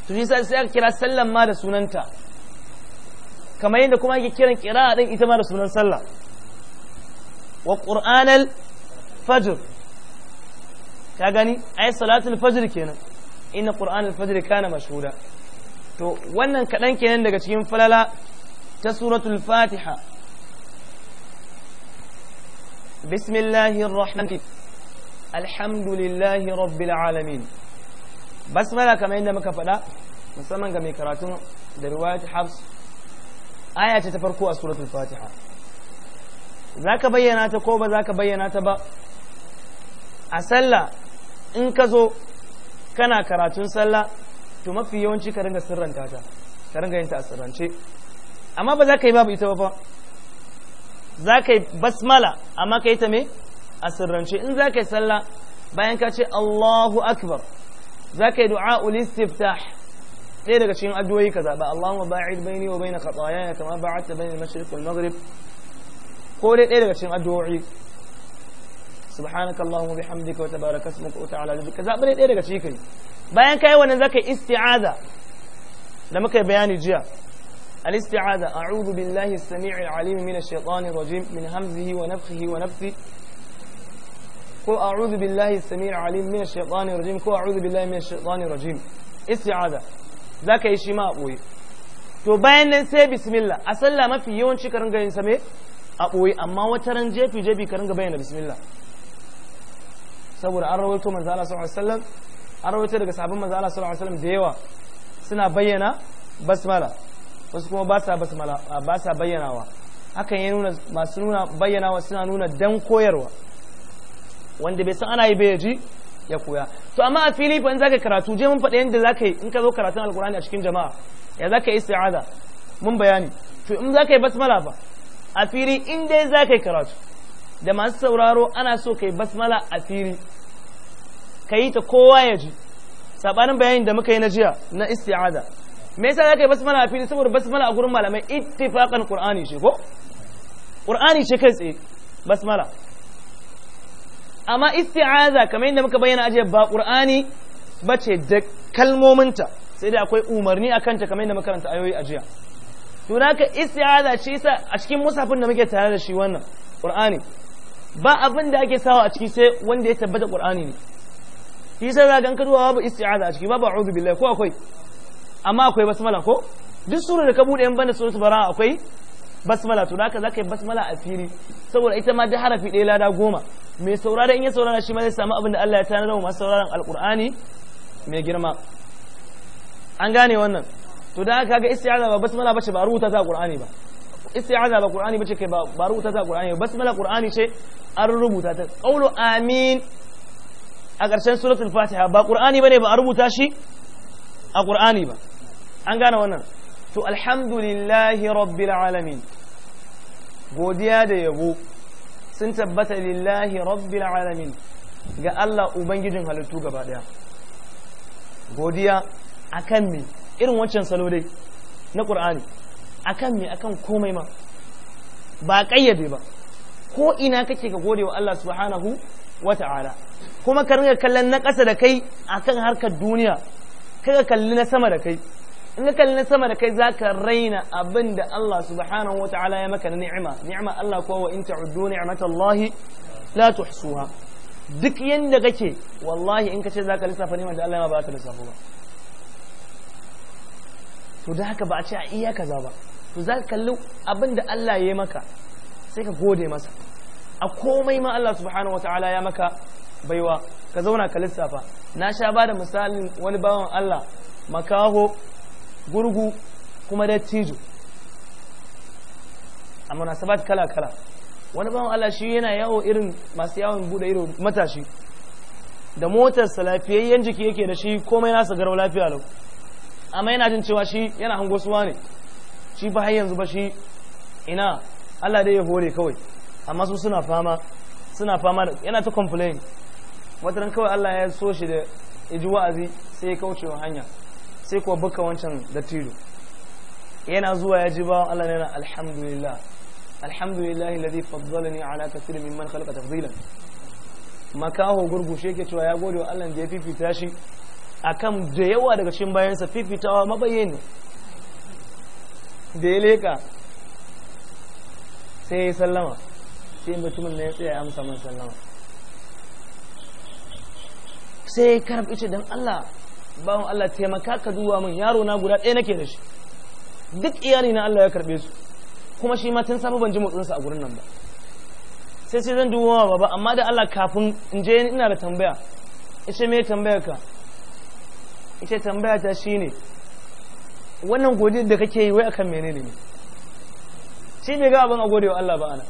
to shi sai aka kira sallan ma da sunanta kamar yadda kuma ake kiran kira din ita ma da sunan sallah wa qur'anal fajr ka gani ai salatul fajr kenan inna qur'anal fajr kana mashhuda to wannan kadan kenan daga cikin falala ta suratul fatiha bismillahir rahmanir الحمد لله رب العالمين basmala kamar yadda muka faɗa musamman ga mai karatun da riwayat habs aya ce ta farko a suratul fatiha za ka bayyana ta ko ba za ka bayyana ta ba a sallah in ka zo kana karatun sallah to mafi yawanci ka ringa sirranta ta ka ringa yin ta a sirrance amma ba za ka yi babu ita ba fa za ka yi basmala amma ka yi ta me a sirrance in za ka yi sallah bayan ka ce Allahu akbar za ka yi du'a ulistiftah ɗaya daga cikin addu'o'i ka zaɓa Allahumma ba'id baini wa baina khatayaya kama ba'adta bainal mashriq wal maghrib ko dai ɗaya daga cikin addu'o'i subhanakallahumma bihamdika wa tabaraka ismuka wa ta'ala jadduka zaɓa dai ɗaya daga cikin kai bayan kai wannan zaka yi isti'aza da muka yi bayani jiya الاستعاذة أعوذ بالله السميع العليم من الشيطان الرجيم من همزه ونفخه ونفثه ko a'udhu billahi samir alim min shaytanir rajim ko a'udhu billahi min shaytanir rajim isti'aza zaka yi shi ma boye to bayan nan sai bismillah a sallah mafi yawanci ka ringa yin sa me a boye amma wata ran jefi jefi ka ringa bayyana bismillah saboda an rawaito manzo Allah sallallahu alaihi wasallam an rawaito daga sahabban manzo Allah sallallahu alaihi wasallam da yawa suna bayyana basmala wasu kuma ba sa basmala ba sa bayyanawa hakan ya nuna masu nuna bayyanawa suna nuna dan koyarwa wanda bai san ana yi bai ji ya koya to amma a fili fa in zaka karatu je mun faɗa yadda zaka yi in ka zo karatun alqur'ani a cikin jama'a ya zaka yi isti'aza mun bayani to in zaka yi basmala fa a fili in dai zaka yi karatu da masu sauraro ana so kai basmala a fili ka yi ta kowa ya ji sabanin bayanin da muka yi na jiya na isti'aza me yasa zaka yi basmala a fili saboda basmala a gurin malamai ittifaqan qur'ani shi ko qur'ani shi kai tsaye basmala amma isti'aza kamar yadda muka bayyana aje ba qur'ani bace da kalmominta sai dai akwai umarni akan ta kamar yadda muka karanta ayoyi ajiya to naka isti'aza shi sa a cikin musafin da muke tare da shi wannan qur'ani ba abin da ake sawa a ciki sai wanda ya tabbata qur'ani ne shi za ka duwa babu isti'aza a ciki babu a'udhu billahi ko akwai amma akwai basmala ko duk sura da ka bude in banda suratul bara akwai basmala to naka zaka yi basmala a fili saboda ita ma da harafi ɗaya lada goma mai saurara in ya saurara shi ma zai samu abin da Allah ya tanadar masu sauraron alkur'ani mai girma an gane wannan to da haka ga isti'aza ba basmala bace ba rubuta ta qur'ani ba isti'aza ba qur'ani bace kai ba rubuta ta qur'ani ba basmala qur'ani ce an rubuta ta qawlu amin a ƙarshen suratul fatiha ba qur'ani bane ba a rubuta shi a qur'ani ba an gane wannan to alhamdulillahi rabbil alamin godiya da yabo sun tabbata lillahi rabbil alamin ga Allah ubangijin halittu gaba daya godiya akan me irin wancan salo dai na qur'ani akan me akan komai ma ba kayyade ba ko ina kake ka gode wa Allah subhanahu wa ta'ala kuma ka ringa kallon na ƙasa da kai akan harkar duniya kaka kalli na sama da kai in ka kalli sama da kai zaka raina abin da Allah subhanahu wa ta'ala ya maka na ni'ima ni'ima Allah ko wa in ta'uddu allah la tuhsuha duk yanda kake wallahi in ka ce zaka lissafa ni'imar da Allah ya ba ta lissafa ba to da haka ba a ce a iya kaza ba to za ka kalli abin da Allah ya maka sai ka gode masa a komai ma Allah subhanahu wataala ya maka baiwa ka zauna ka lissafa na sha ba da misalin wani bawan Allah makaho gurgu kuma tijo a munasabat kala-kala wani bawan Allah shi yana yawo irin masu yawon bude irin matashi da motarsa lafiyayyen jiki yake da shi komai nasa garau lafiya lau amma yana jin cewa shi yana hango suwa ne shi ba har yanzu ba shi ina Allah dai ya hore kawai amma su suna fama suna fama yana ta complain wata kawai Allah ya so shi da ya wa'azi sai ya kauce wa hanya sai kuwa buka wancan dattijo yana zuwa ya ji bawan Allah yana alhamdulillah alhamdulillah alladhi faddalani ala kathir mimman khalaqa tafdilan makaho gurgushe yake cewa ya gode wa Allah da ya fifita shi akan da yawa daga cikin bayansa fifitawa mabayyani da ya leka sai ya sallama sai mutumin na ya tsaya amsa man sallama sai ya karbi ce don Allah bawon Allah taimaka ka duba min yaro na guda ɗaya nake da shi duk iyali na Allah ya karɓe su kuma shi ma tun safe ban ji motsinsa a gurin nan ba sai sai zan duba ba baba amma da Allah kafin in je ina da tambaya ita me tambayar ka ita tambaya ta shine wannan godiyar da kake yi wai akan menene ne shi bai ga abin a gode wa Allah ba ana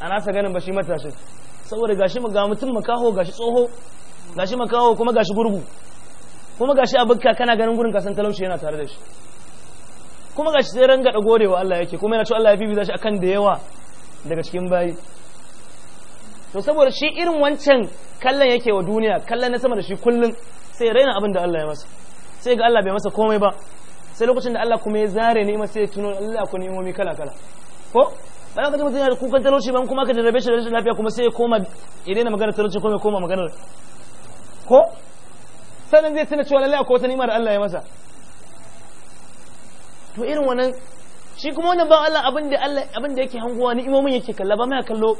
ana sa ganin ba shi matashin saboda gashi ga mutum makaho gashi tsoho gashi makawo kuma gashi gurgu kuma gashi abukka kana ganin gurin kasan talauci yana tare da shi kuma gashi sai ranga da godewa Allah yake kuma yana cewa Allah ya bibi shi akan da yawa daga cikin bayi to saboda shi irin wancan kallon yake wa duniya kallon na sama da shi kullun sai raina abin da Allah ya masa sai ga Allah bai masa komai ba sai lokacin da Allah kuma ya zare ne masa ya tuno Allah ku nemomi kala kala ko bayan ka ji da yana kukan talauci ba kuma ka jarrabe shi da rashin lafiya kuma sai ya koma ya daina magana talauci kuma ya koma maganar ko sanin zai tuna cewa lallai akwai wata nima da Allah ya masa to irin wannan shi kuma wannan ba Allah abin da Allah abin da yake hanguwa ni imomin yake kalla ba mai kallo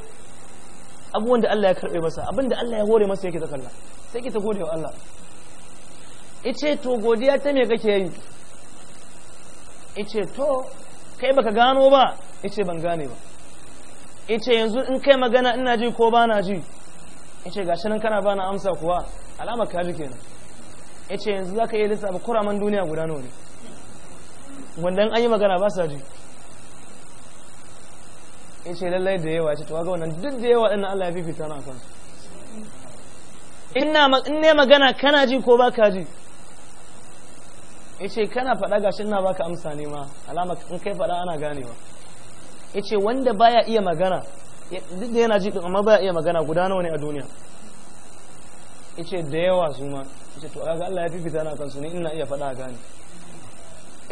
abubuwan da Allah ya karbe masa abin da Allah ya hore masa yake ta kalla sai ki ta gode wa Allah ice to godiya ta me kake yi ice to kai baka gano ba ice ban gane ba ice yanzu in kai magana ina ji ko ba na ji ice gashi nan kana ba na amsa kuwa alama kaji kenan ya ce yanzu za ka iya lissafa kuraman duniya guda nawa ne wanda an yi magana ba sa ji ya ce lallai da yawa ce to ga wannan duk da yawa ɗin Allah ya fifita na kansu ina in ne magana kana ji ko ba ka ji ya ce kana faɗa gashi ina baka amsa ne ma alama in kai faɗa ana ganewa ya ce wanda baya iya magana duk da yana ji amma baya iya magana guda nawa ne a duniya ice da yawa su ma ice to kaga Allah ya fifita na kansu ne ina iya faɗa gani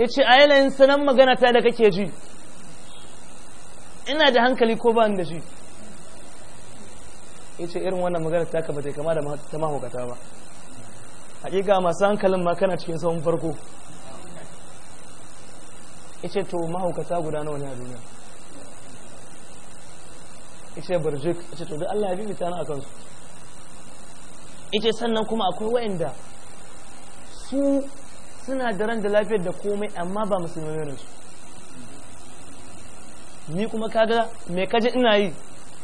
ice a yanayin sanan magana ta da kake ji ina da hankali ko ba ni da shi ice irin wannan magana ta ka bata kama da ta mahaukata ba hakika masu hankalin ma kana cikin sahun farko ice to mahaukata guda nawa ne a duniya yace barjik yace to da Allah ya bibita na akan su ita sannan kuma akwai waɗanda su suna da ran da lafiyar da komai amma ba musulmai ne su ni kuma kaga me kaje ina yi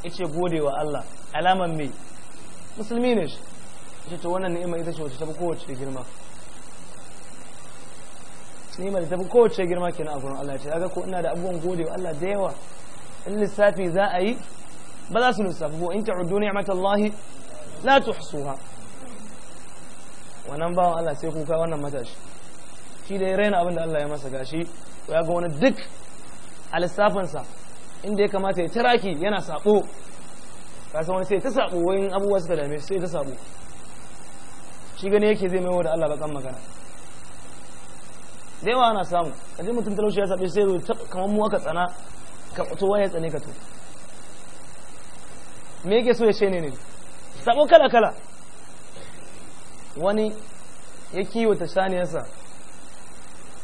yace gode wa Allah alaman me musulmi ne shi yace to wannan ni'ima ita ce wacce ta fi kowace girma ni'ima da ta kowace girma kenan a gurin Allah yace kaga ko ina da abubuwan gode wa Allah da yawa in lissafi za a yi ba za su lissafi ko in ta'uddu ni'matallahi la tuhsuha wannan bawan Allah sai kuka wannan matashi shi da ya raina abin da Allah ya masa gashi ya ga wani duk a inda ya kamata ya taraki yana sabo kasan wani sai ta sabo wani abubuwa suka dame sai ta sabo shi gani yake zai maiwa da Allah bakan magana da yawa ana samu kaji mutum talauci ya saɓe sai kamar mu aka tsana ka towa ya tsane ka to me yake so ya ce ne ne sabo kala kala wani ya kiwata saniyarsa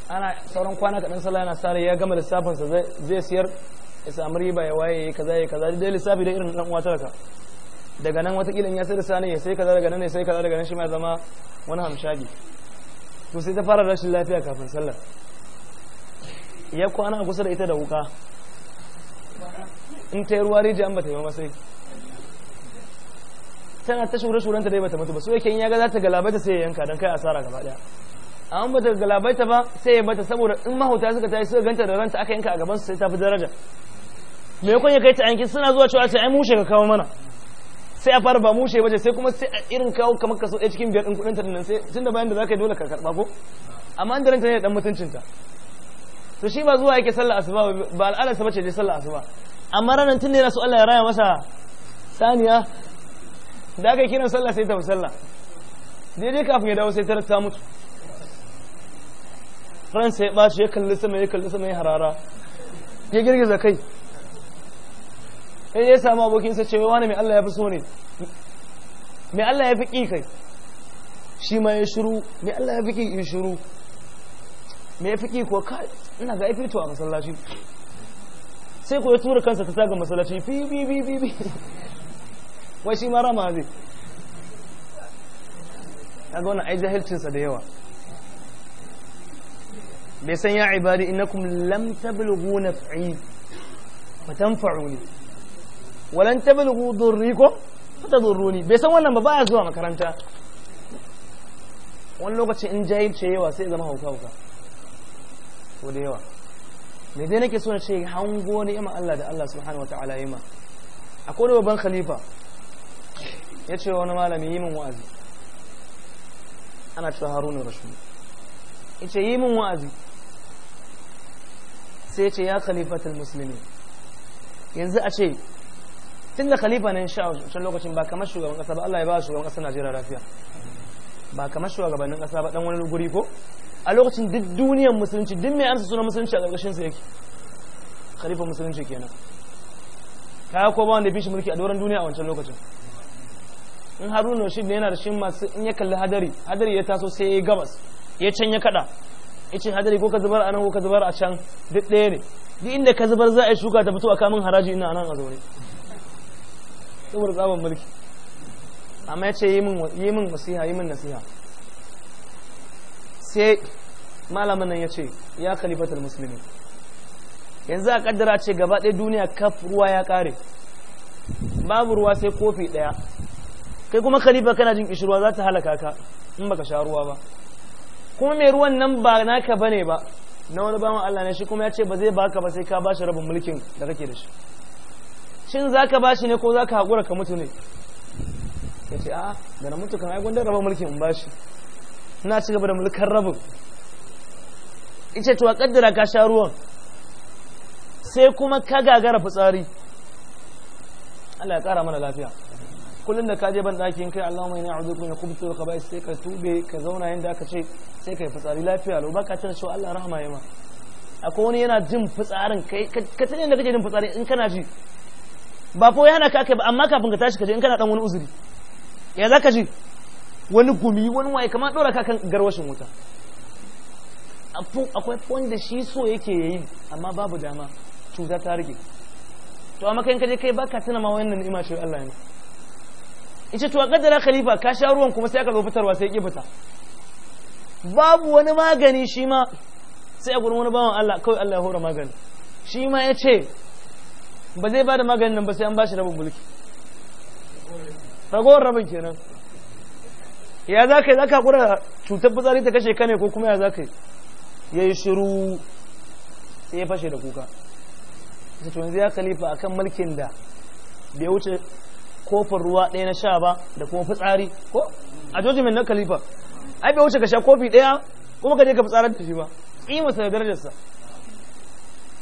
ana sauran kwana kaɗan sallah yana sare ya gama lissafinsa zai siyar ya samu riba ya waye ya kaza ya kaza dai lissafi da irin ɗan uwa talaka daga nan watakila in ya sai da sani ya sai kaza daga nan ya sai kaza daga nan shi ma zama wani hamshagi to sai ta fara rashin lafiya kafin sallah ya kwana a kusa da ita da wuka in ta yi ruwa rijiya an ba ta yi ba sai tana ta shure shurenta dai bata mutu ba so yake in ga za ta galabaita sai ya yanka dan kai asara gaba daya amma bata galabaita ba sai ya bata saboda in mahauta suka tashi suka ganta da ranta aka yanka a gaban su sai ta fi daraja me yakon ya kai ta yanki suna zuwa cewa sai ai mushe ka kawo mana sai a fara ba mushe ba sai kuma sai irin kawo kamar kaso ɗaya cikin biyar ɗin kuɗin ta nan sai tunda bayan da zaka yi dole ka karɓa ko amma da ranta ne da dan mutuncinta to shi ba zuwa yake sallar asuba ba al'adarsa bace je sallar asuba amma ranar tun da yana so Allah ya raya masa saniya da aka yi kiran sallah sai fi sallah daidai kafin ya dawo sai ta ta mutu ransa ya ɓaci ya kalli sama ya kalli sama ya harara ya girgiza kai sai ya samu abokinsa cewa wani mai Allah ya fi so ne mai Allah ya fi ƙi kai shi ma ya shiru mai Allah ya fi ƙi ya shiru mai ya fi ƙi ko ka ina ga fito a masallaci sai ko ya tura kansa ta taga masallaci fi bi bi bi bi wai shi ma zai kaga gauna ai jahilcinsa da yawa bai san ya ibadi innakum lam tablughu naf'i fatanfa'uni walan tablughu durri ko fatadurruni bai san wannan ba baya zuwa makaranta wani lokaci in ce yawa sai zama hauka hauka ko da yawa me dai nake so na ce hango ni'imar Allah da Allah subhanahu wataala yima akwai wani babban khalifa ya ce wani malami yi min wa'azi ana cewa haruna rashin ya ce yi min wa'azi sai ce ya khalifatul musulmi yanzu a ce tun da khalifa ne sha wancan lokacin ba kamar shugaban kasa ba Allah ya ba shugaban kasa Najeriya lafiya ba kamar shugabannin kasa ba dan wani guri ko a lokacin duk duniyar musulunci duk mai amsa sunan musulunci a ƙarƙashin sa yake khalifa musulunci kenan kaya ko ba wanda bishi shi mulki a doron duniya a wancan lokacin in harun da yana da shin masu in ya kalli hadari hadari ya taso sai ya gabas ya can ya kada ya ce hadari ko ka zubar a nan ko ka zubar a can duk ɗaya ne duk inda ka zubar za a yi shuka ta fito a kamun haraji ina nan a zaune saboda tsaban mulki amma ya ce yi min nasiha yi min nasiha sai malamin nan ya ce ya kalifatar musulmi yanzu a kaddara ce gaba ɗaya duniya kaf ruwa ya ƙare babu ruwa sai kofi ɗaya kai kuma khalifa kana jin kishirwa za ta halaka ka in baka sha ruwa ba kuma mai ruwan nan ba naka bane ba na wani bawan Allah ne shi kuma ya ce ba zai baka ba sai ka ba shi rabin mulkin da kake da shi shin za ka ba shi ne ko za ka hakura ka mutu ne ya ce a'a da na mutu kan ai gundar rabin mulkin in ba shi ina ci gaba da mulkar rabin ita to a kaddara ka sha ruwan sai kuma ka gagara fitsari Allah ya kara mana lafiya kullum da ka je ban ɗakin kai Allah mai na azu kun ya kubtu ka bai sai ka tube ka zauna yanda aka ce sai ka yi fitsari lafiya lau baka tana cewa Allah rahama ya ma akwai wani yana jin fitsarin kai ka tana yanda kake jin fitsari in kana ji ba ko yana ka kai ba amma kafin ka tashi ka je in kana dan wani uzuri ya zaka ji wani gumi wani waye kamar dora ka kan garwashin wuta akwai wanda shi so yake yayi amma babu dama cuta ta rike to amma kai in ka je kai baka tana ma wannan ni'ima ce Allah ya ita to kaddara khalifa ka sha ruwan kuma sai aka zo fitarwa sai ki fita babu wani magani shi ma sai a gurin wani bawan Allah kawai Allah ya hora magani shi ma ya ce ba zai bada maganin nan ba sai an bashi rabin mulki ragowar rabin kenan ya za ka yi za ka haƙura cutar fitsari ta kashe kane ko kuma ya za ka yi ya yi shiru sai ya fashe da kuka sai to yanzu ya khalifa akan mulkin da bai wuce kofin ruwa ɗaya na sha ba da kuma fitsari ko a jojimin na kalifa ai bai wuce ka sha kofi ɗaya kuma ka je ka fitsarar da shi ba ƙimarsa da darajarsa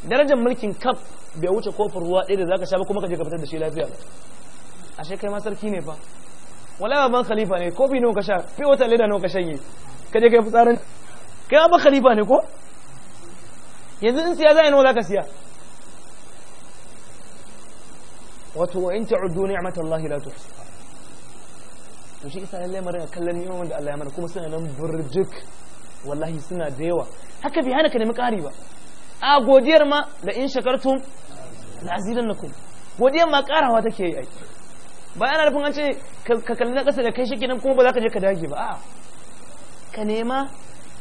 darajar mulkin kaf bai wuce kofin ruwa ɗaya da za ka sha ba kuma ka je ka fitar da shi lafiya ba ashe kai ma sarki ne fa wala ban khalifa ne kofi nawa ka sha fi wata leda nawa ka shanye ka je kai fitsarin kai ba khalifa ne ko yanzu in siya zai nawa za ka siya wato wa in ta'uddu ni'matallahi la tuhsuha to shi isa lallai mara kallon ni'imomin da Allah ya mana kuma suna nan burjik wallahi suna da yawa haka bai hana ka nemi ƙari ba a godiyar ma da in shakartum la azidannakum godiyar ma karawa take yi aiki ba yana nufin an ce ka kalli na ƙasa da kai shi kenan kuma ba za ka je ka dage ba a'a ka nema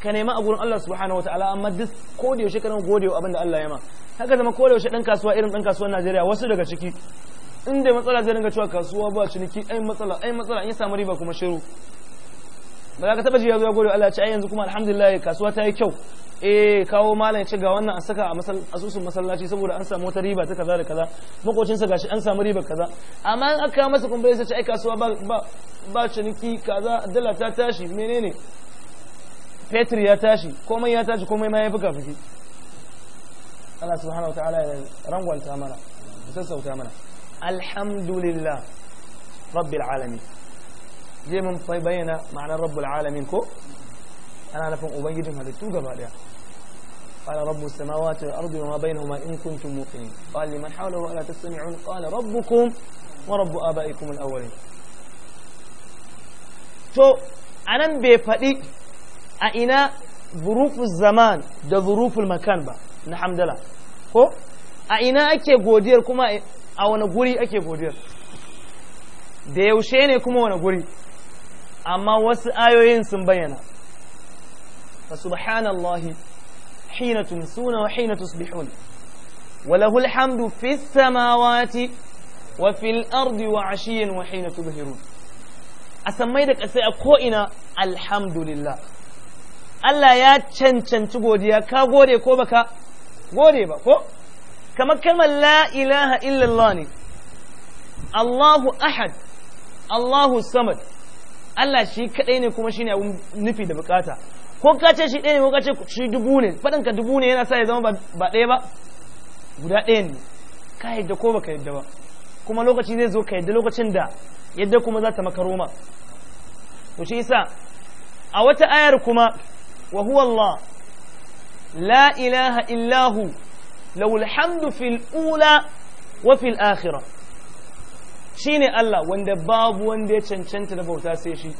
ka nema a gurin Allah subhanahu ta'ala amma duk ko da yaushe kana gode wa abin da Allah ya ma haka zama ko da yaushe dan kasuwa irin dan kasuwar Najeriya wasu daga ciki inda matsala zai dinga cewa kasuwa ba ciniki ai matsala ai matsala in samu riba kuma shiru ba za ka taba ji ya zo ya gode Allah ya ce ai yanzu kuma alhamdulillah kasuwa ta yi kyau eh kawo malam ya ce ga wannan an saka a asusun masallaci saboda an samu wata riba ta kaza da kaza makocinsa gashi an samu riba kaza amma in aka masa kumbure sai ce ai kasuwa ba ba ciniki kaza dala ta tashi menene فتر يا تاشي كوما يا تاشي كوما ما يبقى فيه الله سبحانه وتعالى رموا التامنا وسلسوا التامنا الحمد لله رب العالمين جاء من طيبين معنى رب العالمين كو أنا أعرف أن أبيد من هذه التوقف قال رب السماوات والأرض وما بينهما إن كنتم موقنين قال لمن حوله ألا تستمعون قال ربكم ورب آبائكم الأولين تو أنا بفديك a ina buruful zaman da buruful makan ba na hamdala ko a ina ake godiyar kuma a wani guri ake godiyar da yaushe ne kuma wani guri amma wasu ayoyin sun bayyana fa subhanallahi hina tumsuna wa hina tusbihun وله الحمد في السماوات وفي الأرض وعشيا وحين تظهرون أسميتك أسأل قوئنا الحمد لله Allah ya cancanci godiya ka gode ko baka gode ba ko kamar kalmar la ilaha illallah ne Allahu ahad Allahu samad Allah shi kadai ne kuma shine abun nufi da bukata ko ka ce shi ɗaya ne ko ka ce shi dubu ne faɗin ka dubu ne yana sa ya zama ba ɗaya ba guda ɗaya ne ka yadda ko baka yadda ba kuma lokaci zai zo ka yadda lokacin da yadda kuma za ta maka roma to shi yasa a wata ayar kuma wa huwa la ilaha illahu lahul hamdu fil wa fil akhirah shine Allah wanda babu wanda ya cancanta da bauta sai shi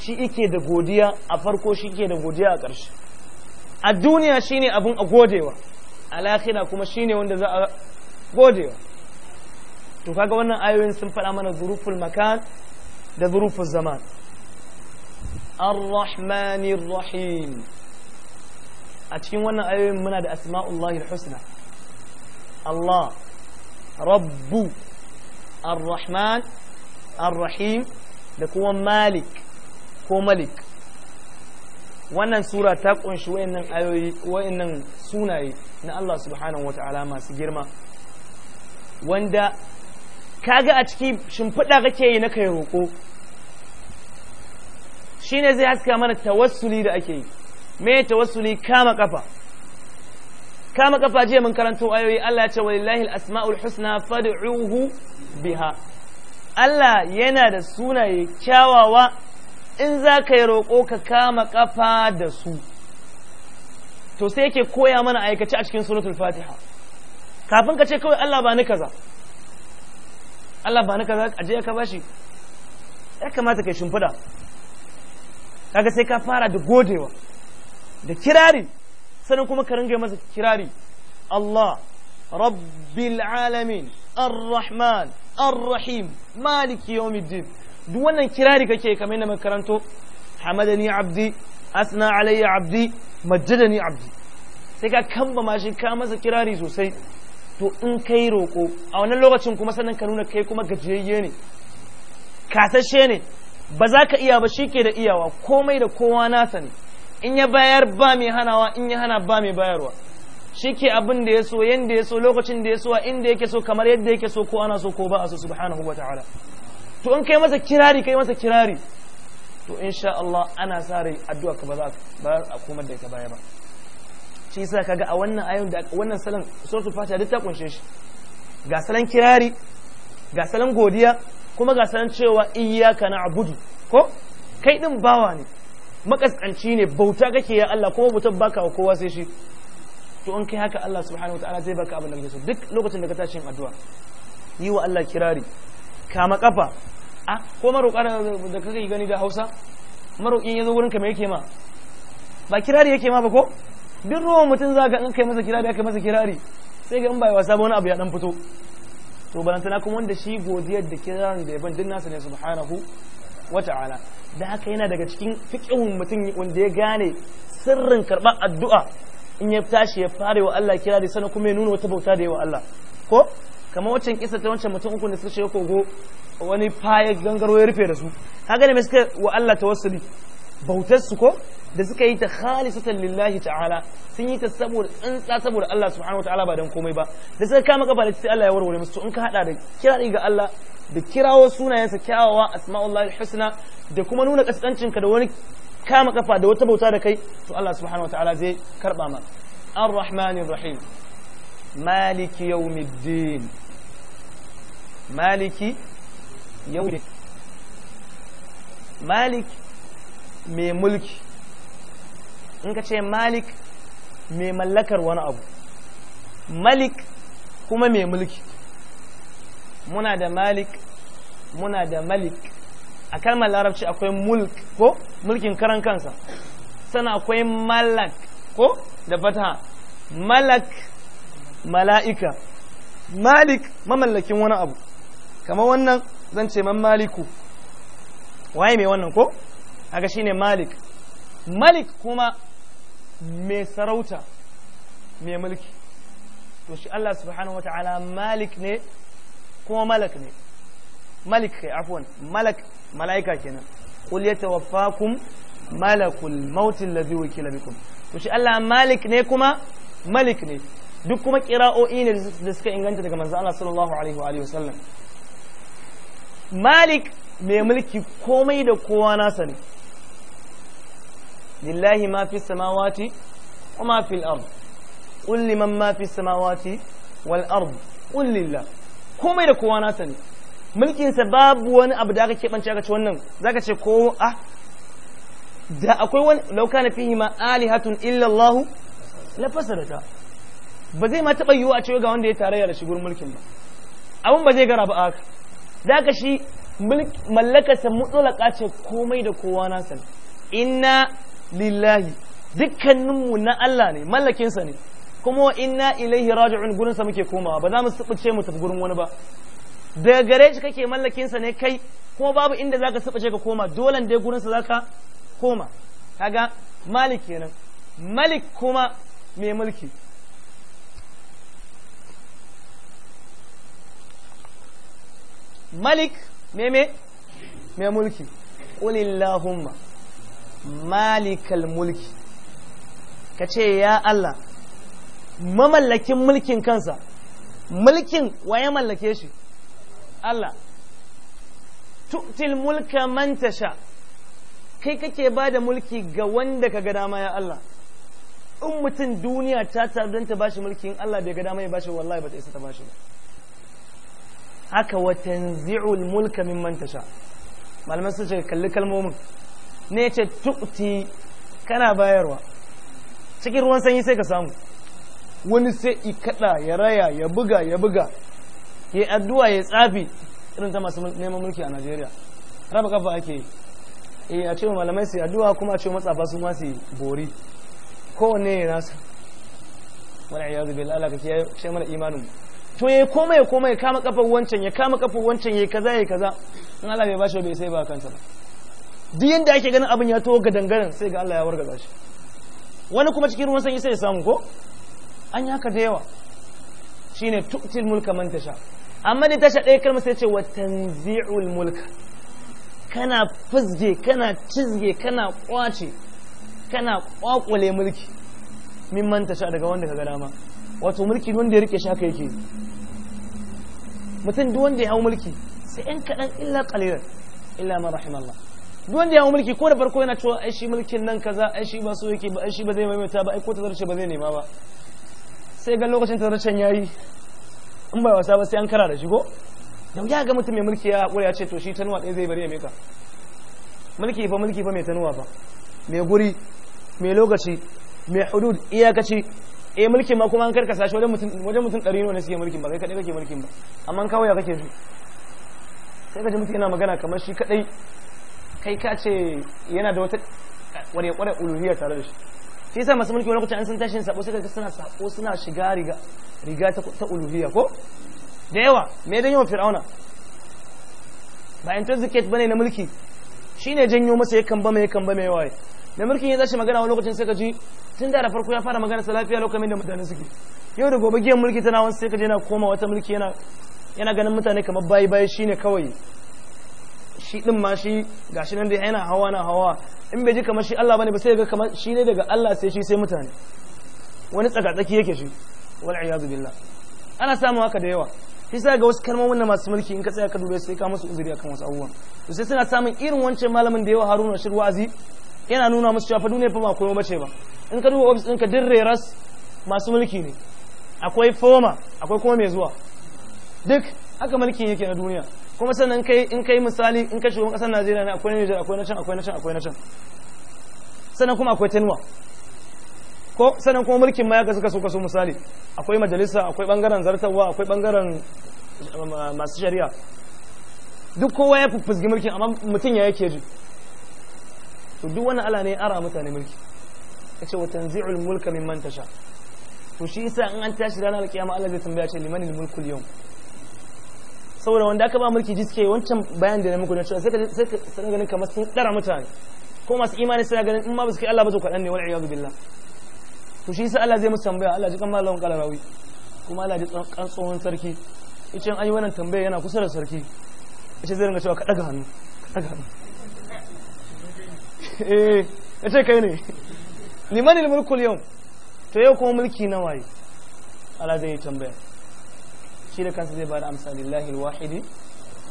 shi ike da godiya a farko shi ke da godiya a ƙarshe a duniya shine abin a godewa a lahira kuma shine wanda za a godewa to kaga wannan ayoyin sun faɗa mana zuruful makan da zurufin zaman ar-rahmanir rahim a cikin wannan ayoyin muna da asma'ullahi husna Allah rabbu ar-rahman ar-rahim da kuma malik ko malik wannan sura ta kunshi wayannan ayoyi wayannan sunaye na Allah subhanahu wata'ala masu girma wanda ga a cikin shimfiɗa kake yi na kai roƙo shi ne zai haska mana tawassuli da ake yi me tawassuli kama kafa kama kafa je mun karanto ayoyi Allah ya ce walillahi asmaul husna fad'uhu biha Allah yana da sunaye kyawawa in za ka yi roƙo ka kama kafa da su to sai yake koya mana aikace a cikin suratul fatiha kafin ka ce kawai Allah ba ni kaza Allah ba ni kaza aje ka bashi ya kamata kai shimfida kaga sai ka fara da godewa da kirari sanin kuma ka ringa masa kirari Allah rabbil alamin ar-rahman ar-rahim maliki yawmiddin duk wannan kirari kake kamar yadda karanto hamadani abdi asna alayya abdi majjadani abdi sai ka kamba ma shi ka masa kirari sosai to in kai roko a wannan lokacin kuma sanin ka nuna kai kuma gajiyayye ne kasashe ne ba za ka iya ba shi ke da iyawa komai da kowa nasa ne in ya bayar ba mai hanawa in ya hana ba mai bayarwa shi ke abin da ya so yadda ya so lokacin da ya so inda yake so kamar yadda yake so ko ana so ko ba a so subhanahu wa ta'ala to in kai masa kirari kai masa kirari to insha Allah ana sa rai addu'a ka ba za a komar da ka baya ba shi yasa kaga a wannan ayon da wannan salon suratul fatiha duk ta kunshe shi ga salon kirari ga salon godiya kuma ga sanin cewa iyyaka na'budu ko kai din bawa ne makaskanci ne bauta kake ya Allah kuma mutum baka wa kowa sai shi to in kai haka Allah subhanahu wataala zai baka abin da kake so duk lokacin da ka tashi yin addu'a yi wa Allah kirari kama kafa a ko maroƙa da kake gani da Hausa maroƙin yazo wurin ka me yake ma ba kirari yake ma ba ko duk ruwan mutum zaka in kai masa kirari aka masa kirari sai ga in ba wasa ba wani abu ya dan fito to balantana kuma wanda shi godiyar da kiran da yaban din nasa ne subhanahu wata'ala da haka yana daga cikin fiqhun mutum wanda ya gane sirrin karɓar addu'a in ya tashi ya fara wa Allah kira da sana kuma ya nuna wata bauta da yawa Allah ko kamar wancan kisa ta wancan mutum uku da suka shiga kogo wani faye gangaro ya rufe da su haka ne mai suka wa Allah tawassuli bautarsu ko da suka yi ta khalisatan lillahi ta'ala sun yi ta saboda tsantsa saboda Allah subhanahu wataala ba dan komai ba da suka kama kafa da sai Allah ya warware musu in ka hada da kirari ga Allah da kirawo sunayensa kyawawa asma'ullahi husna da kuma nuna ka da wani kama kafa da wata bauta da kai to Allah subhanahu wataala zai karba ma ar-rahmanir rahim maliki yawmiddin maliki yawmiddin malik mai mulki in ka ce malik mai mallakar wani abu malik kuma mai mulki muna da malik muna da malik a kalmar larabci akwai mulk ko mulkin karan kansa sana akwai malak ko da fata malak mala'ika malik mamallakin wani abu kamar wannan zan ce man maliku waye mai wannan ko kaga shine malik malik kuma mai sarauta mai mulki to shi Allah subhanahu wata'ala malik ne kuma malak ne malik kai afwan malak mala'ika kenan qul yatawaffakum malakul maut alladhi wukila bikum to shi Allah malik ne kuma malik ne duk kuma qira'o'i ne da suka inganta daga manzo Allah sallallahu alaihi wa sallam. malik mai mulki komai da kowa nasa ne lillahi ma fi samawati wa ma fil ard ma fi samawati wal ard qul komai da kowa nasa ne mulkin sa babu wani abu da aka kebance aka ce wannan zaka ce ko ah da akwai wani law kana fihi ma alihatun illa allah la fasadata ba zai ma taba yiwa a ce ga wanda ya tarayya da shigur mulkin ba abun ba zai gara ba aka zaka shi mallakarsa mutsalaka ce komai da kowa inna lillahi dukkaninmu na Allah ne mallakinsa ne kuma inna ilaihi raji'un gurinsa muke komawa ba za mu subuce mu tafi gurin wani ba daga gare shi kake mallakinsa ne kai kuma babu inda zaka subuce ka koma dolan dai gurinsa zaka koma kaga malik kenan malik kuma mai mulki malik meme mai mulki qulillahumma malikal mulki ka ce ya Allah mamallakin mulkin kansa mulkin wa ya mallake shi Allah tu'til mulka man tasha kai kake ba da mulki ga wanda ka gada ma ya Allah in mutum duniya ta taru don ta bashi mulkin Allah bai gada ma ya bashi wallahi ba ta isa ta bashi ba haka wa tanzi'ul mulka mimman tasha malaman sun ce kalli kalmomin ne ce tu'ti kana bayarwa cikin ruwan sanyi sai ka samu wani sai i kada ya raya ya buga ya buga ya addu'a ya tsafi irin ta masu neman mulki a Najeriya raba kafa ake yi eh, a ce malamai su addu'a kuma a ce matsafa su ma su bori kowanne ya nasa wani ya zube lalata kake ce mana imanin to ya koma ya koma ya kama kafa wancan ya kama kafa wancan ya kaza ya kaza in Allah bai bashi bai sai ba kansa ba duk yanda ake ganin abin ya taho ga dangaren sai ga Allah ya wargaza shi wani kuma cikin ruwan sanyi sai ya samu ko an yi haka da yawa shine tu'til mulka man tasha amma ne tasha ɗaya kalmar sai ce wa tanzi'ul mulka kana fizge kana cizge kana kwace kana kwakwale mulki min man tasha daga wanda ka ga dama wato mulki wanda ya rike shi haka yake mutum duk wanda ya hau mulki sai in kaɗan illa qalilan illa man rahimallah duk wanda ya yi mulki ko da farko yana cewa ai shi mulkin nan kaza ai shi ba so yake ba ai shi ba zai maimaita ba ai ko tazarce ba zai nema ba sai ga lokacin tazarcen yayi in ba wasa ba sai an kara da shi ko da ya ga mutum mai mulki ya hakura ya ce to shi tanuwa ɗaya zai bari ya meka mulki fa mulki fa mai tanuwa fa mai guri mai lokaci mai hudud iyakaci e eh, mulki ma kuma an karkasa shi wajen mutum wajen mutum ɗari ne suke mulkin ba kai kaɗai kake mulkin ba amma kawai ya kake shi sai ka ji mutum yana magana kamar shi kaɗai kai ka ce yana da wata wani kwarar uluhiyya tare da shi shi yasa masu mulki wani lokacin an san tashin sabo suka ga suna sabo suna shiga riga riga ta uluhiyya ko da yawa me dan wa fir'auna ba intoxicate bane na mulki shine janyo masa ya kamba mai yakan ba mai yawa da mulkin ya tashi magana wani lokacin sai ka ji tun da farko ya fara magana salafiya lokacin da mutane suke yau da gobe giyan mulki tana wani sai ka je yana koma wata mulki yana yana ganin mutane kamar bayi bayi shine kawai shi din ma shi gashi nan dai yana hawa na hawa in bai ji kamar shi Allah bane ba sai ga kamar shi ne daga Allah sai shi sai mutane wani tsakatsaki yake shi wal iyadu billah ana samun haka da yawa shi sai ga wasu kalmomin na masu mulki in ka tsaya ka dure sai ka musu uzuri akan wasu abubuwan to sai suna samun irin wancan malamin da yawa Haruna Rashid Wazi yana nuna musu cewa fa duniya fa ba koyo bace ba in ka duba office ka dirre ras masu mulki ne akwai foma akwai kuma mai zuwa duk haka mulkin yake na duniya kuma sannan kai in kai misali in ka shugaban kasar Najeriya ne akwai Niger akwai na can akwai na can akwai na can sannan kuma akwai tenwa ko sannan kuma mulkin ma ya kasu kaso kaso misali akwai majalisa akwai bangaren zartarwa akwai bangaren um, uh, masu shari'a duk kowa ya fufuzgi mulkin amma mutum ya yake ji to duk wani ala ne ya ara mutane mulki yace wa tanzi'ul mulka mimman tasha to shi yasa in an tashi ranar kiyama Allah zai tambaya ce limanil mulkul yawm saboda wanda aka ba mulki jiske wancan bayan da na muku na cewa sai ka sanin ganin kamar sun tsara mutane ko masu imani suna ganin in ma ba su kai Allah ba su kaɗan ne wal iyadu billah to shi yasa Allah zai musu tambaya Allah ji kan malamin kalarawi kuma Allah ji kan tsohon sarki yace an yi wannan tambaya yana kusa da sarki yace zai ringa cewa ka daga hannu ka daga hannu eh yace kai ne limanil mulku al-yawm to yau kuma mulki na waye Allah zai tambaya shi da kansa zai ba da amsa lillahi alwahidi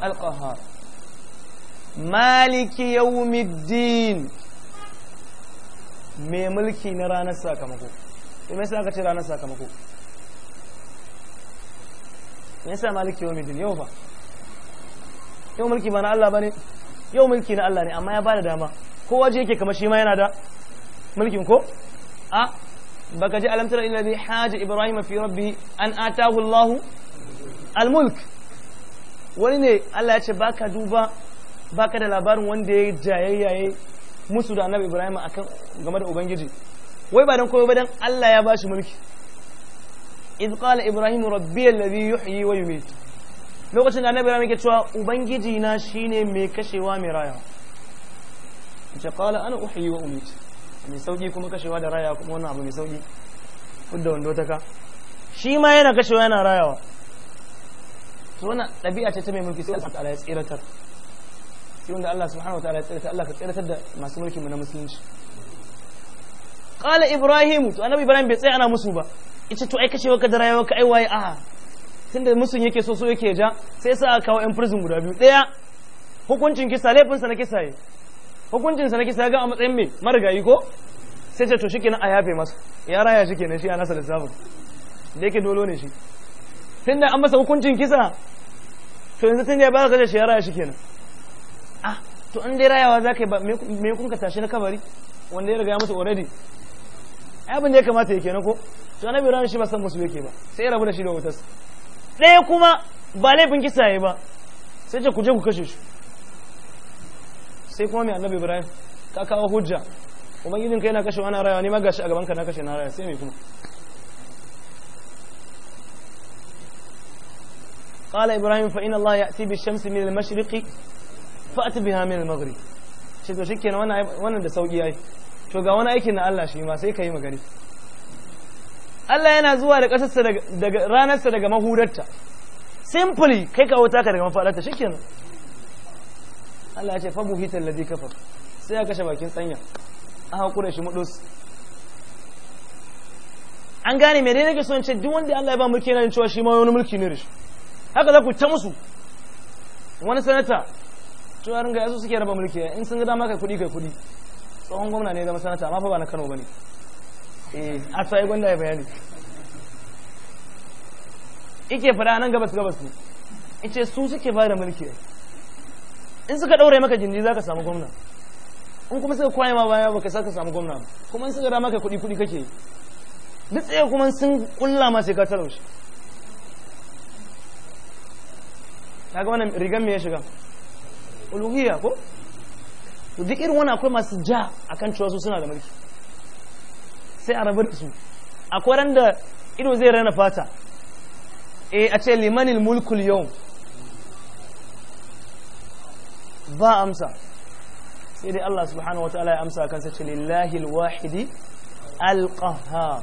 alqahar maliki yawmiddin mai mulki na ranar sakamako me yasa aka ce ranar sakamako me yasa maliki yawmiddin yau ba yau mulki ba na Allah bane yau mulki na Allah ne amma ya bada dama ko je yake kamar shi ma yana da mulkin ko a baka ji alamtar ila bi haja ibrahim fi rabbi an atahu Allah al-mulk wani ne Allah ya ce baka duba baka da labarin wanda ya jayayyaye musu da annabi Ibrahim akan game da ubangiji wai ba dan koyo ba dan Allah ya bashi mulki id qala ibrahim rabbi alladhi yuhyi wa yumiit lokacin da annabi Ibrahim yake cewa ubangiji na shine mai kashewa mai rayawa ce qala ana uhyi wa umiit mai sauki kuma kashewa da raya kuma wannan abu mai sauki fudda wando ta ka shi ma yana kashewa yana rayawa to wannan ɗabi'a ce ta mai mulki sai Allah ta'ala ya tsiratar sai wanda Allah subhanahu wataala ya tsiratar Allah ka tsiratar da masu mulki mu na musulunci qala ibrahim to annabi ibrahim bai tsaya ana musu ba ita to ai kashewa ka da rayuwa ka ai waye tun tunda musun yake so so yake ja sai sa aka kawo yan prison guda biyu daya hukuncin kisa laifin sa na kisa ne hukuncin sa na kisa ga a matsayin me marigayi ko sai ce to shikenan a yafe masa ya raya shikenan shi a nasa lissafin da yake dolo ne shi tun da an masa hukuncin kisa to yanzu tun da ya ba ka da shi ya raya shi kenan ah to an dai rayawa za ka yi ba me kun ka tashi na kabari wanda ya riga ya mutu already abin da ya kamata ya na ko to annabi ran shi ba san musu yake ba sai ya rabu da shi da wutas ɗaya kuma ba laifin kisa ya ba sai ce ku je ku kashe shi sai kuma mai annabi ibrahim ka kawo hujja ubangijinka yana kashe wani rayuwa ne ma gashi a gaban ka na kashe na rayuwa sai mai kuma قال إبراهيم فإن الله يأتي بالشمس من المشرق فأت بها من المغرب شكو شكينا وانا وانا da sauki ai to ga wani aikin na Allah shi ma sai kai magari Allah yana zuwa da kasarsa daga ranarsa daga mahudarta simply kai ka wuta ka daga mafadarta shikenan Allah ya ce fabu hita ladhi kafar sai ya kashe bakin tsanya a hakura shi mudus an gane me dai nake so in ce duk wanda Allah ya ba mulki yana cewa shi ma wani mulki ne da haka za ku ta musu wani sanata cewa ga yasu suke raba mulki in sun ga dama kai kuɗi kai kuɗi tsohon gwamna ne zama sanata amma fa ba na Kano bane eh a sai gwanda ya bayani ike fada nan gabas gabas ne ice su suke ba da mulki in suka daure maka gindi zaka samu gwamna in kuma suka kwaye ma baya baka saka samu gwamna kuma in suka dama kai kuɗi kuɗi kake duk tsaye kuma sun kulla ma sai ka talaushi kaga wannan rigan me ya shiga uluhiyya ko to duk irin wannan akwai masu ja akan cewa su suna da mulki sai a su akwai randa ido zai rana fata eh a ce limanil mulkul yau ba amsa sai dai Allah subhanahu wa ta'ala ya amsa kansa ce lillahi alwahidi alqahhar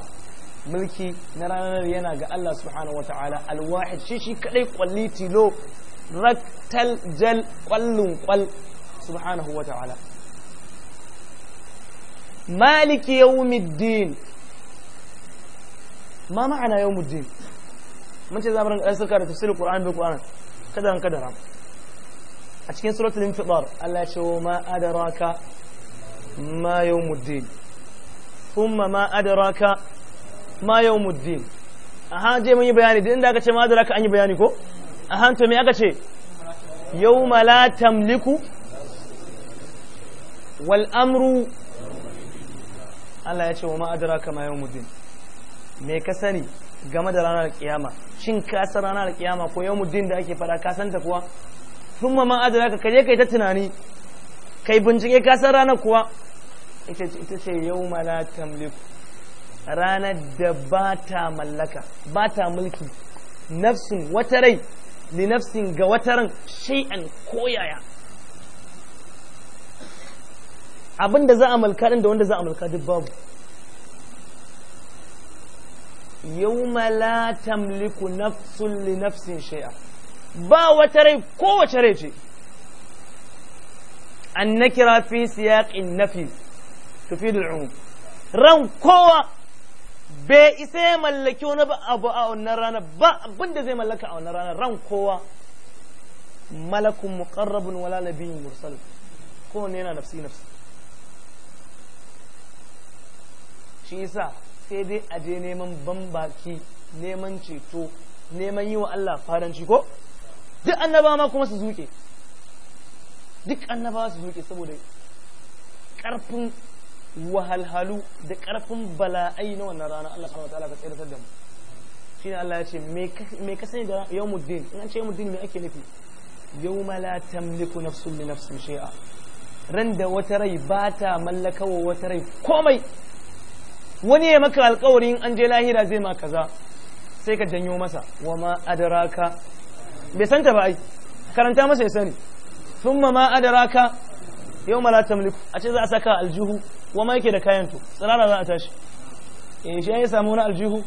mulki na ranar yana ga Allah subhanahu wa ta'ala alwahid shi shi kadai kwalli tilo rattal jal kwallun kwal subhanahu wa ta'ala maliki yawmiddin ma ma'ana yawmiddin mun ce zamu rinka saka da tafsirin qur'ani bil qur'ani kada an kadara a cikin suratul infitar Allah ya ce ma adaraka ma yawmiddin thumma ma adaraka ma yawmiddin aha je mun yi bayani din da aka ce ma adaraka an yi bayani ko a hantu mai aka ce yau la tamliku wal amru Allah ya ce wa ma'adara kama yau mudin me ka sani game da ranar kiyama shin kasar ranar kiyama ko yau mudin da ake fara kasanta ta kuwa sun ma ma'adara ka kaje kai ta tunani kai bincike kasar ranar kuwa ita ce yau la tamliku ranar da ba ta mallaka ba ta mulki nafsin wata rai li ga wataran shay'an koyaya abin da za a mulka din da wanda za a mulka duk babu la tamliku nafsun li shay'a ba wata rai kowace rai ce an nakira fi siyaqin nafi tufidul umum ran kowa bai isa ya mallaki wani abu a wannan rana ba abin da zai mallaka a wannan rana ran kowa malakun muqarrabun wala nabiyyun mursal kowanne yana nafsi nafsi shi yasa sai dai a je neman bambaki neman ceto neman yi wa Allah faranci ko duk annabawa ma kuma su zuke duk annabawa su zuke saboda ƙarfin wahalhalu da ƙarfin bala'ai na wannan rana Allah subhanahu wataala ka tsayar da mu shine Allah ya ce me ka sani da yawmuddin in an ce yawmuddin me ake nufi yawma la tamliku nafsun li nafsin shay'a ran da wata rai ba ta mallaka wa wata rai komai wani ya maka alkawarin an je lahira zai ma kaza sai ka janyo masa wa ma adraka bai santa ba ai karanta masa ya sani thumma ma adraka yau mala tamliku a ce za a saka aljihu wa ma yake da kayan to tsirara za a tashi eh shi ya samu na aljihu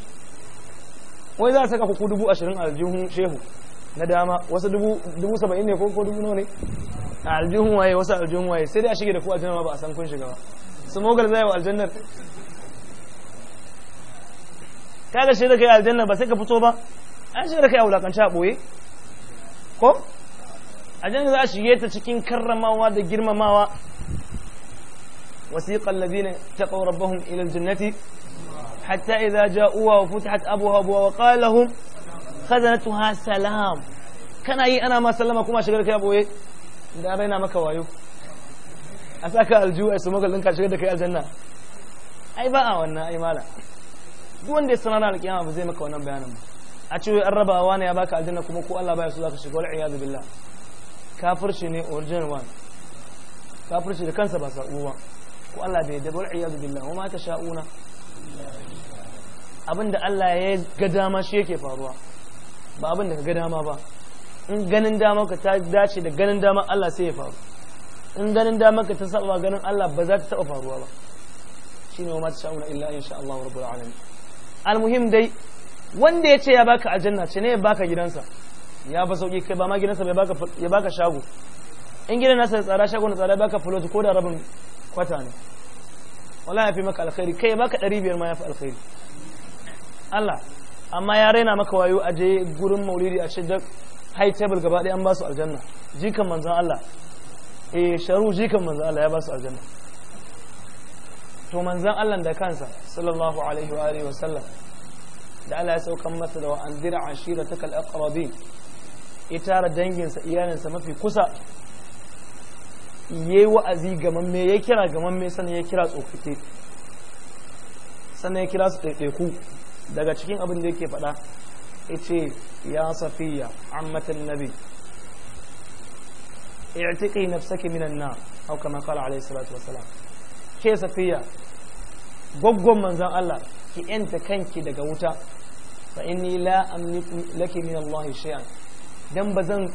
wai za a saka kuku dubu ashirin aljihun shehu na dama wasu dubu saba'in ne ko dubu nawa ne a aljihun waye wasu aljihun waye sai dai a shige da ku aljanna ba a san kun shiga ba su mogal zai wa aljannar kada shi da kai aljannar ba sai ka fito ba an shi da kai a wulakance a ɓoye ko aljanna za a shige ta cikin karramawa da girmamawa wasiqa alladhina taqaw rabbahum ila aljannati hatta idza ja'uha wa futihat abwabuha wa qala lahum khazanatuha salam kana yi ana ma sallama kuma shigar kai boye da raina maka wayo a saka aljuwa su maka linka shigar da kai ai ba a wannan ai mala duk wanda ya sanar alkiyama ba zai maka wannan bayanin ba a ce an rabawa ne ya baka aljanna kuma ko Allah baya so zaka shiga wal iyadu billah kafirci ne original one kafirci da kansa ba sa'u ba ko Allah bai da bar iyadu billah wa ma ta sha'una abinda Allah ya ga dama shi yake faruwa ba abinda ka ga dama ba in ganin dama ka ta dace da ganin dama Allah sai ya faru in ganin dama ka ta saba ganin Allah ba za ta taba faruwa ba shine wa ma ta sha'una illa insha Allah rabbul alamin almuhim dai wanda ya ce ya baka aljanna ce ne ya baka gidansa ya fa sauki kai ba ma gidansa bai baka ya baka shago in gidan nasa tsara shago na tsara baka fulot ko da rabin kwata ne wallahi ya fi maka alkhairi kai ya baka 500 ma ya fi alkhairi Allah amma ya raina maka wayo a je gurin maulidi a shaddar high table gaba ɗaya an ba su aljanna jikan manzan Allah eh sharu jikan manzan Allah ya ba su aljanna to manzan Allah da kansa sallallahu alaihi wa alihi wa sallam da Allah ya saukan masa da wa anzira ashiratakal aqrabin ya tara danginsa iyalinsa mafi kusa ya yi wa'azi gamamme ya kira gamamme sannan ya kira tsofite sannan ya kira su ɗaiɗaiku daga cikin abin da yake faɗa ya ce ya safiya ammatan nabi i'tiqi nafsaki minan na aw kama qala alayhi salatu wassalam ke safiya goggon manzon Allah ki yanta kanki daga wuta fa inni la amliku laki min Allah shay'an dan ba zan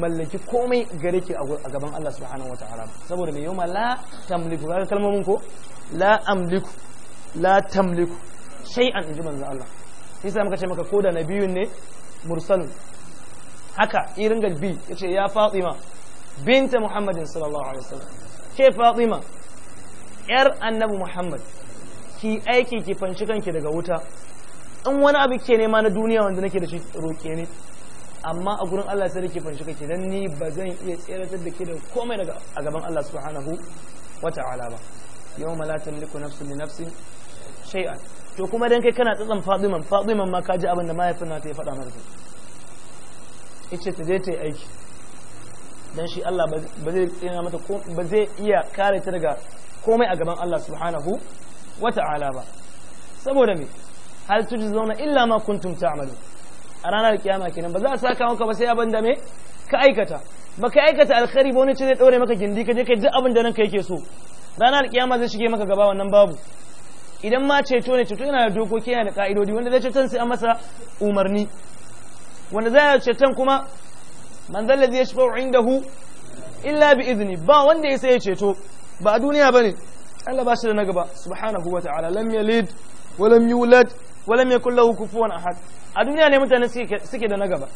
mallaki komai gare ki a gaban Allah subhanahu wataala saboda mai yoma la tamliku ga kalmomin ko la amliku la tamliku shay'an inji manzo Allah sai sai muka ce maka koda nabiyun ne mursal haka irin galbi yace ya Fatima binta Muhammadin sallallahu alaihi wasallam ke Fatima yar annabi Muhammad ki aiki ki fanci kanki daga wuta in wani abu ke nema na duniya wanda nake da shi roke ne amma a gurin Allah sai da ke fanshi kake dan ni ba zan iya tseratar da ke da komai daga a gaban Allah subhanahu wa ta'ala ba yawma la tamliku nafsin li nafsi shay'an to kuma dan kai kana tsatsan Fatiman Fatiman ma kaji abin da mahaifin nata ya faɗa mata yace ta je ta yi aiki dan shi Allah ba zai tsina mata ko ba zai iya kare ta daga komai a gaban Allah subhanahu wa ta'ala ba saboda me hal tujzauna illa ma kuntum ta'malun a ranar kiyama kenan ba za a saka maka ba sai abin da me ka aikata ba ka aikata alkhairi ba wani ce zai ɗaure maka gindi ka je ka ji abin da ranka yake so ranar kiyama zai shige maka gaba wannan babu idan ma ceto ne ceto yana da dokoki yana da ka'idodi wanda zai ceton sai an masa umarni wanda zai ceton kuma man zalla zai shafa indahu illa bi izni ba wanda ya sai ceto ba a duniya bane Allah ba shi da na gaba subhanahu wa ta'ala lam yalid wa lam yulad wa lam yakul lahu kufuwan ahad a duniya ne mutane suke da na gaba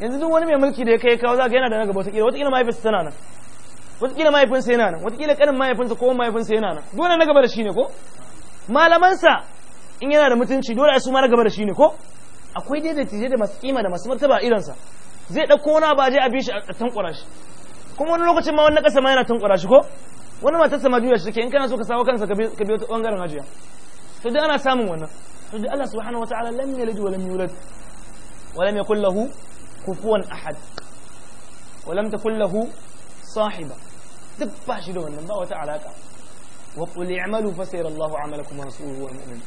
yanzu duk wani mai mulki da ya kai kawo za ga yana da na gaba wataƙila wata mahaifinsa tana nan wataƙila mahaifinsa yana nan wataƙila ƙanin mahaifinsa ko mahaifinsa yana nan dole na gaba da shi ne ko malamansa in yana da mutunci dole a su ma na gaba da shi ne ko akwai dai tije da masu kima da masu martaba irinsa zai ɗauko wani ba je a bi shi a tankura shi kuma wani lokacin ma wani ƙasa ma yana tankura shi ko wani matarsa ma juya shi take in kana so ka sawo kansa ka bi wata ɓangaren hajiya to dai ana samun wannan to da Allah subhanahu wataala lam yalid wa lam yulad wa lam yakul lahu kufuwan ahad wa lam takul lahu sahiba duk ba shi da wannan ba wata alaka wa qul i'malu fa sayara Allahu 'amalakum wa rasuluhu wal mu'minun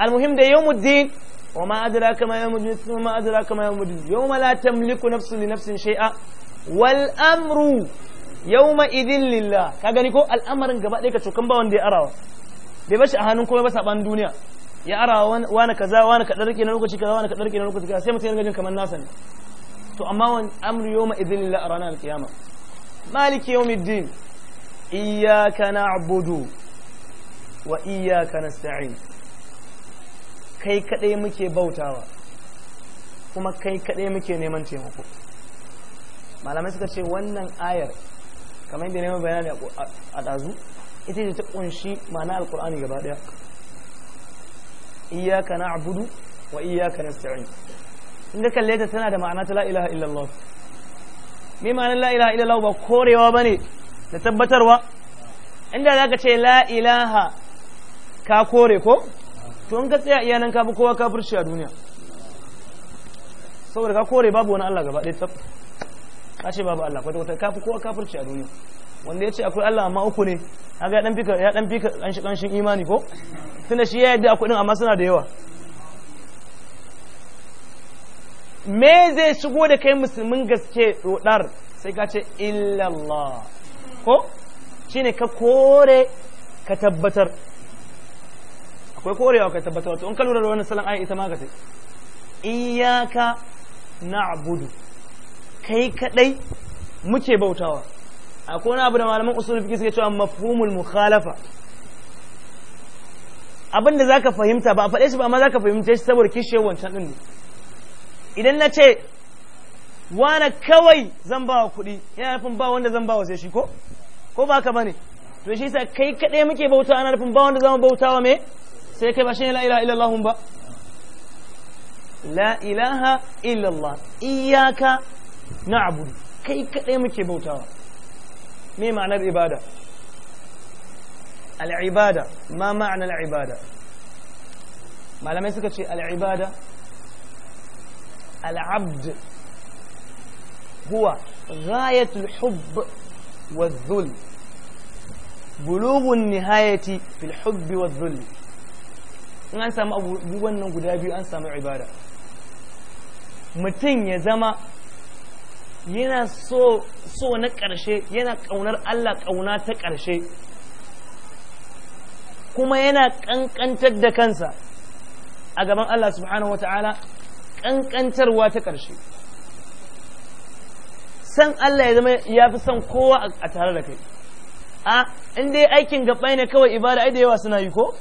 المهم ده يوم الدين وما أدراك ما يوم الدين وما أدراك ما يوم الدين يوم لا تملك نفس لنفس شيئا والأمر يومئذ لله كاغاني الأمر ان غبا ديكا تو كان با وندي اراوا bai bashi a hannun kuma ba duniya ya ara wani kaza wani kaɗan rike na lokaci kaza wani kaɗan rike na lokaci kaza sai mutum ya gajin kamar nasa ne to amma wani amri yau ma'izin lillah a ranar kiyama maliki yau middin iyaka na abudu wa iyaka na sta'in kai kaɗai muke bautawa kuma kai kaɗai muke neman taimako malamai suka ce wannan ayar kamar yadda neman bayani a ɗazu ita ce ta ƙunshi ma'ana alƙur'ani gaba ɗaya na abudu wa iyaka na in inda kalle ta tana da ma'ana ta la ilaha illallah me ma'anar la ilaha illallah ba korewa ne da tabbatarwa inda ka ce la ilaha ka kore ko to in ka tsaya iya nan ka bi kowa furci a duniya saboda ka kore babu wani Allah gaba ɗaya tsaf ka ce babu Allah kwata kwata ka fi kowa furci a duniya wanda ya ce akwai Allah amma uku ne a ya dan fika ya dan fika kanshi kanshin imani ko tunda shi ya yadda akwai din amma suna da yawa me zai shigo da kai musulmin gaske roɗar sai ka ce illallah ko shine ka kore ka tabbatar akwai korewa ka tabbatar wato in ka lura da wani salon ayi ita ma ka ce na abudu kai kaɗai muke bautawa akwai wani abu da malaman usulul fiqh suke cewa mafhumul mukhalafa abin da zaka fahimta ba a faɗe shi ba amma zaka fahimce shi saboda kishe wancan din idan na ce wana kawai zan ba wa kuɗi yana nufin ba wanda zan ba wa sai shi ko ko ba ka bane to shi yasa kai kaɗai muke bauta ana nufin ba wanda zan bauta wa me sai kai ba shi la ilaha illallah ba la ilaha illallah iyyaka na'budu kai kaɗai muke bautawa me ma'anar ibada al'ibada ma ma'anar ibada malamai suka ce al'ibada al'abd huwa ghayatul hubb wa dhul bulughun nihayati fil hubbi wa in an samu abubuwan nan guda biyu an samu ibada mutum ya zama yana so so na ƙarshe yana ƙaunar Allah ƙauna ta ƙarshe kuma yana ƙanƙantar da kansa a gaban Allah subhanahu wa ta'ala ƙanƙantarwa ta ƙarshe san Allah ya zama ya fi son kowa a tare da kai a in dai aikin gabai ne kawai ibada ai da yawa suna yi ko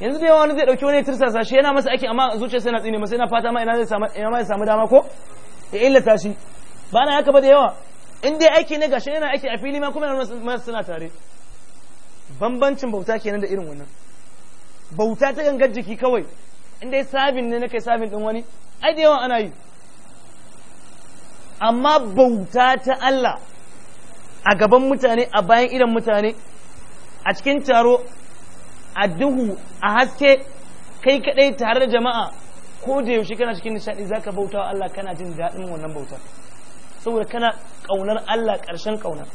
yanzu da yawa wani zai dauki wani tirsasa shi yana masa aiki amma zuciya sai na tsine masa yana fata ma ina zai samu ina ma zai samu dama ko ya illata shi ba na haka ba da yawa in dai aiki ne gashi yana aiki a fili ma kuma yana suna tare bambancin bauta kenan da irin wannan bauta ta gangar jiki kawai in dai sabin ne na kai sabin din wani ai da yawa ana yi amma bauta ta Allah a gaban mutane a bayan idan mutane a cikin taro a duhu a haske kai kadai tare da jama'a ko da yaushe kana cikin nishadi zaka bauta wa Allah kana jin daɗin wannan bauta saboda kana kaunar Allah ƙarshen kauna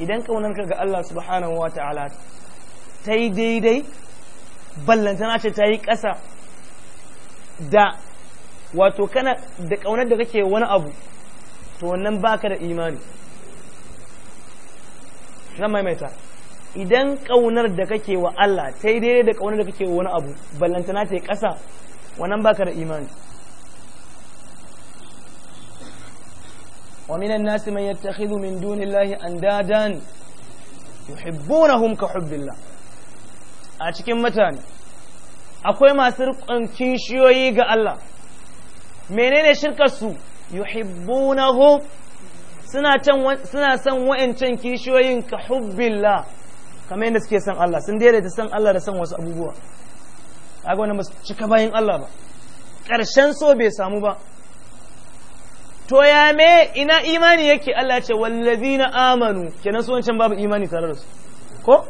idan kaunar ka ga Allah subhanahu wa ta'ala ta yi daidai ballantana ce ta yi ƙasa da wato kana da kaunar da kake wani abu to wannan baka da imani zan maimaita idan kaunar da kake wa Allah ta yi daidai da kaunar da kake wa wani abu ballantana ta yi ƙasa wannan baka da imani ومن الناس من يتخذ من دون الله اندادا يحبونهم كحب الله cikin mutane. akwai masu rikon kishiyoyi ga Allah menene shirkarsu yuhibbunahu suna suna san wa'ancan kishiyoyin ka hubbilla. kamar yadda suke san Allah sun daidaita san Allah da san wasu abubuwa kaga wannan ba cika bayin Allah ba ƙarshen so bai samu ba to ya me ina imani yake Allah ce wallazina amanu kenan su wancan babu imani tare da su ko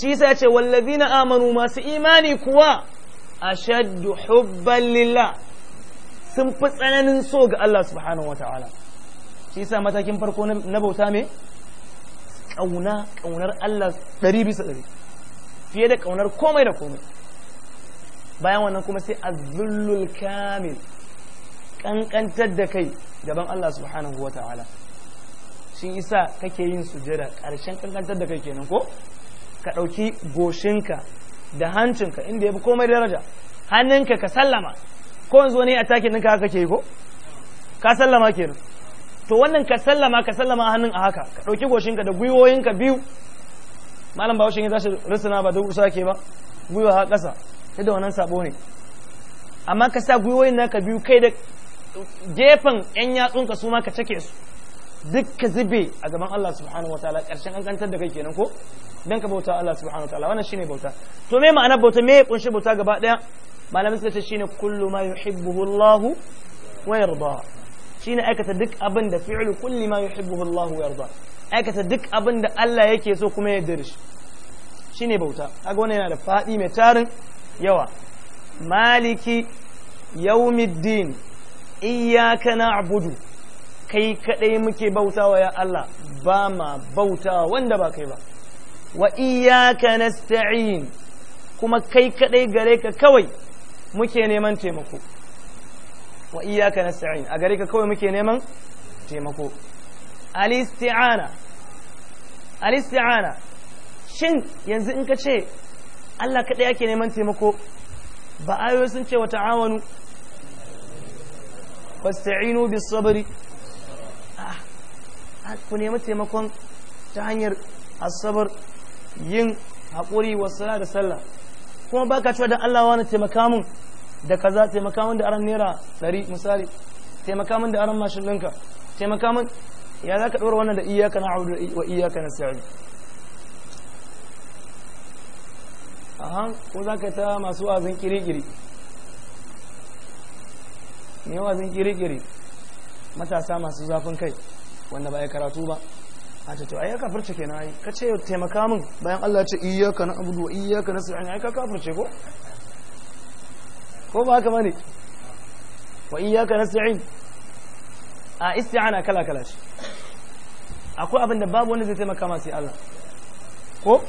shi yasa ya ce wallazina amanu masu imani kuwa ashaddu hubban lillah sun fi tsananin so ga Allah subhanahu wataala shi sa matakin farko na bauta me kauna kaunar Allah ɗari bisa ɗari fiye da kaunar komai da komai bayan wannan kuma sai azzulul kamil kankantar da kai gaban Allah subhanahu wa ta'ala shi isa kake yin sujada ƙarshen kankantar da kai kenan ko ka ɗauki goshinka da hancinka inda ya fi komai daraja hannunka ka sallama ko yanzu wani a takin ninka haka ke ko ka sallama kenan to wannan ka sallama ka sallama hannun a haka ka ɗauki goshinka da gwiwoyinka biyu malam ba ya tashi risina ba duk usa ke ba gwiwa ha ƙasa ta da wannan sabo ne amma ka sa gwiwoyin naka biyu kai da gefen yan yatsunka su ma ka cake su duk zube a gaban Allah subhanahu taala karshen an kantar da kai kenan ko dan ka bauta Allah subhanahu taala wannan shine bauta to me ma'anar bauta me ya kunshi bauta gaba daya malamin suka ce shine kullu ma yuhibbuhu Allah wa yarda shine aikata duk abin da fi'lu kulli ma yuhibbuhu Allah wa yarda aikata duk abin da Allah yake so kuma ya yarda shi shine bauta kaga wannan yana da fadi mai tarin yawa maliki yawmiddin iyyaka na'budu kai kadai muke bautawa ya Allah ba ma bautawa wanda ba kai ba wa iyyaka nasta'in kuma kai kadai gare ka kawai muke neman taimako wa iyyaka nasta'in a gare ka kawai muke neman taimako al-isti'ana al-isti'ana shin yanzu in ka ce Allah kadai ake neman taimako ba ayoyi sun ce wa ta'awanu fasta'inu bis sabri ah, ah, ku nemi taimakon ta hanyar asabar yin haƙuri wa sala da sallah kuma baka cewa da Allah wani taimaka mun da kaza taimaka mun da aran naira ɗari misali taimaka mun da aran mashin ɗinka taimaka mun ya za ka ɗora wannan da iyaka na abu wa iyaka na sa'adu aha ko za ka ta masu wazin kiri-kiri ne wazin kirikiri matasa masu zafin kai wanda ba ya karatu ba a ta to ai ka furce kenan ai ka ce taimaka min bayan Allah ya ce iyyaka na'budu wa iyyaka nasta'in ai ka kafirce ko ko ba haka bane wa iyyaka nasta'in a isti'ana kala kala shi akwai abin da babu wanda zai taimaka ma sai Allah ko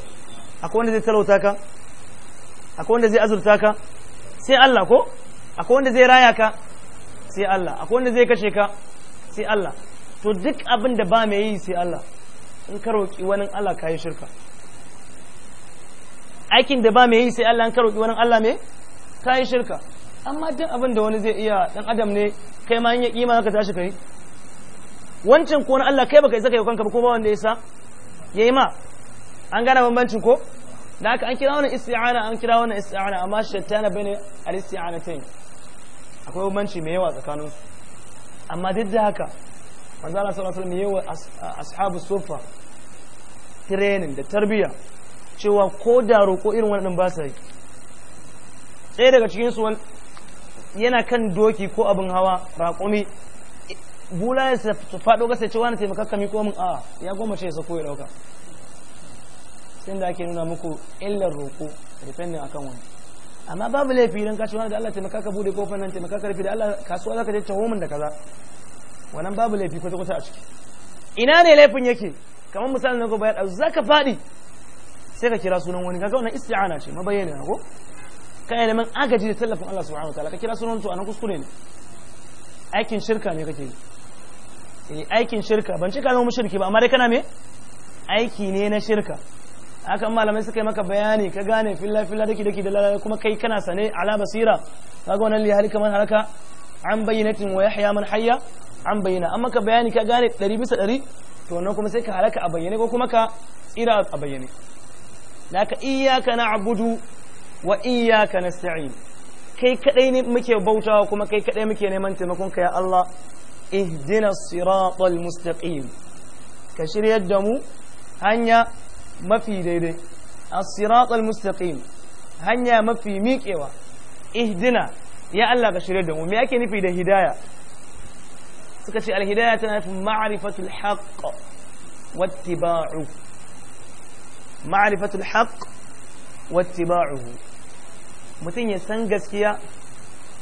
akwai wanda zai talauta ka akwai wanda zai azurta ka sai Allah ko akwai wanda zai raya ka sai Allah akwai wanda zai kashe ka sai Allah to duk abin da ba mai yi sai Allah in ka roƙi wani Allah ka yi shirka aikin da ba mai yi sai Allah in ka roƙi wani Allah me ka yi shirka amma duk abin da wani zai iya dan adam ne kai ma in ya kima ka tashi kai wancan ko wani Allah kai baka isa kai kanka ba ko ba wanda yasa yayi ma an gane bambancin ko da haka an kira wannan isti'ana an kira wannan isti'ana amma shaitana bane al-isti'anatain akwai bambanci mai yawa tsakanin su amma duk da haka manzana Allah mai yawa ashabu sofa training da tarbiyya cewa ko da roƙo irin wannan ba sa yi ɗaya daga cikin yana kan doki ko abin hawa raƙumi bula ya faɗo gasa cewa na taimaka kami ko min a ya goma ce ya sako ya ɗauka sai da ake nuna muku illar roƙo depending akan wani amma babu laifi don kashi wani da Allah taimaka ka bude kofar nan taimaka ka rufe da Allah kasuwa ka je homin da kaza wannan babu laifi kwata kwata a ciki ina ne laifin yake kamar misalin na gobe ya za ka faɗi sai ka kira sunan wani kaga wannan isti'ana ce mabayyana ko ka neman agaji da tallafin Allah subhanahu wataala ka kira sunan a nan kuskure ne aikin shirka ne kake yi eh, aikin shirka ban cika zama shirki ba amma dai kana me aiki ne na shirka haka malamai suka yi maka bayani ka gane filla filla daki daki da lalala kuma kai kana sane ala basira kaga wannan lihari kamar haraka an bayyanatin wa yahya man hayya an bayyana amma ka bayani ka gane 100 bisa 100 to wannan kuma sai ka halaka a bayyane ko kuma ka tsira a bayyane naka iyyaka na'budu wa iyyaka nasta'in kai kadai ne muke bautawa kuma kai kadai muke neman taimakon ka ya Allah ihdina siratal mustaqim ka shiryar da mu hanya mafi daidai as-siratal mustaqim hanya mafi miƙewa ihdina ya Allah ka shirye da mu me ake nufi da hidaya suka ce al-hidaya tana nufin ma'rifatul haqq wattiba'u ma'rifatul haqq wattiba'uhu mutum ya san gaskiya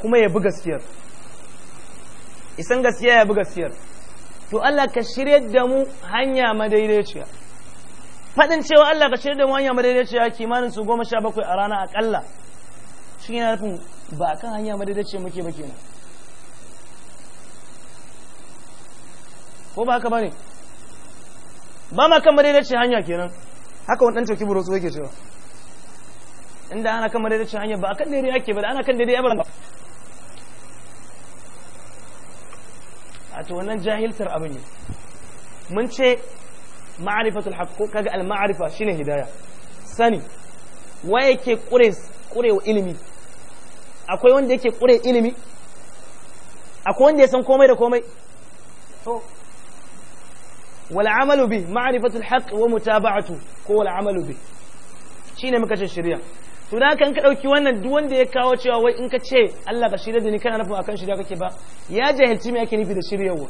kuma ya bi gaskiyar isan gaskiya ya bi gaskiyar to Allah ka shirye da mu hanya madaidaiciya faɗin cewa Allah ka shirya da mu hanya madaidaiciya kimanin su goma sha bakwai a rana aƙalla shi yana nufin ba a kan hanya madaidaiciya muke ba kenan ko ba haka ba ne ba ma kan madaidaiciya hanya kenan haka wani ɗan coki su yake cewa inda ana kan madaidaiciya hanya ba a kan daidai ake ba da ana kan daidai ba a to wannan jahiltar abin ne mun ce ma'arifatul haqq ko kaga al ma'rifa shine hidaya sani wa yake kure wa ilimi akwai wanda yake kure ilimi akwai wanda ya san komai da komai to wal amalu bi ma'rifatul haqq wa mutaba'atu ko wal amalu bi shine muka ce shari'a to da kan ka dauki wannan duk wanda ya kawo cewa wai in ka ce Allah ka shirya da ni kana nufin akan shirya kake ba ya jahilci me yake nufi da shiryawa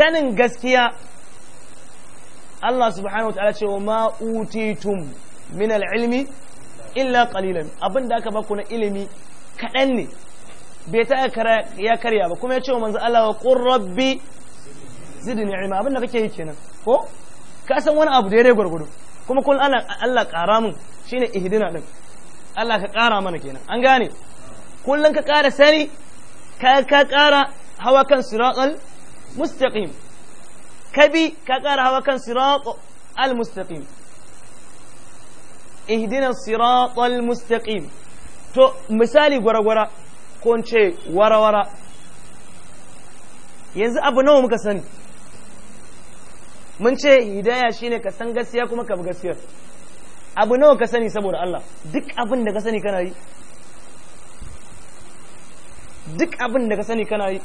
sanin gaskiya Allah subhanahu wa ta'ala ce wa ma utitum min al-ilmi illa qalilan abin da aka baku na ilimi kaɗan ne bai ta ya karya ba kuma ya ce wa manzo Allah wa qur rabbi zidni ilma abin da kake yi kenan ko ka san wani abu da ya gurgudu kuma kun Allah Allah ƙara mun shine ihdina din Allah ka ƙara mana kenan an gane kullun ka ƙara sani ka ka ƙara hawa kan siratal mustaqim kabi ka kara hawa kan sirat al mustaqim ihdina sirat al mustaqim to misali gwara-gwara ko ce wara-wara yanzu abu nawa muka sani mun ce hidaya shine ka san gaskiya kuma ka bi gaskiyar abu nawa ka sani saboda Allah duk abin da ka sani kana yi duk abin da ka sani kana yi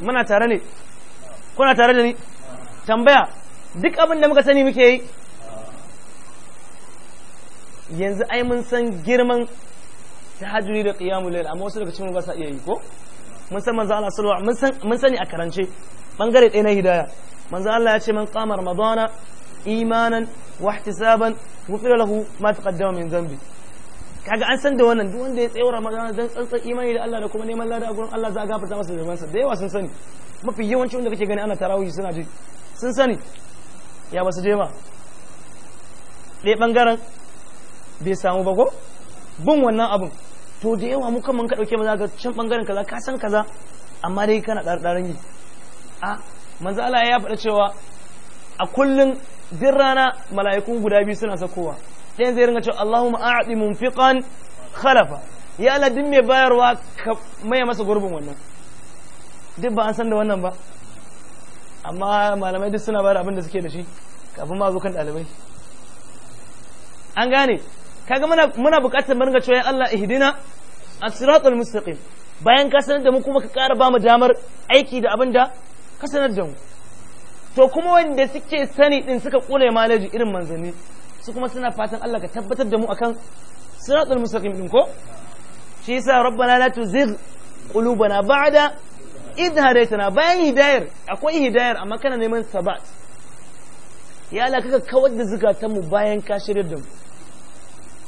muna tare ne kuna tare da ni tambaya duk abin da muka sani muke yi yanzu ai mun san girman tahajjudi da qiyamul layl amma wasu daga cikin ba sa iya yi ko mun san manzo Allah sallallahu alaihi wasallam mun sani a karance bangare ɗaya na hidaya manzo Allah ya ce man qama ramadana imanan wa ihtisaban ghufira lahu ma taqaddama min dhanbi kaga an san da wannan duk wanda ya tsayawar magana don tsantsan imani da Allah da kuma neman lada a gurin Allah za a gafarta masa da sa da yawa sun sani mafi yawancin wanda kake gani ana tarawih suna ji sun sani ya basu je ba ɗaya bangaren bai samu ba ko bin wannan abun to da yawa mu kan kaɗauke ka za maza ga can bangaren kaza ka san kaza amma dai kana ɗarɗaran yi a manzo Allah ya faɗa cewa a kullun duk rana mala'ikun guda biyu suna sakowa sai zai ringa cewa Allahumma a'ti munfiqan khalafa ya Allah din mai bayarwa ka maye masa gurbin wannan duk ba an san da wannan ba amma malamai duk suna bayar abin da suke da shi kafin ma zo kan dalibai an gane kaga muna muna buƙatar mu ringa cewa ya Allah ihdina as-siratal mustaqim bayan ka sanar da mu kuma ka ƙara ba mu damar aiki da abin da ka sanar da mu to kuma wanda suke sani din suka kule malaji irin manzanni su kuma suna fatan Allah ka tabbatar da mu akan siratul mustaqim din ko shi yasa rabbana la tuzigh qulubana ba'da idh hadaytana bayan hidayar akwai hidayar amma kana neman sabat ya Allah kaka kawar da zukatan mu bayan ka shiryar da mu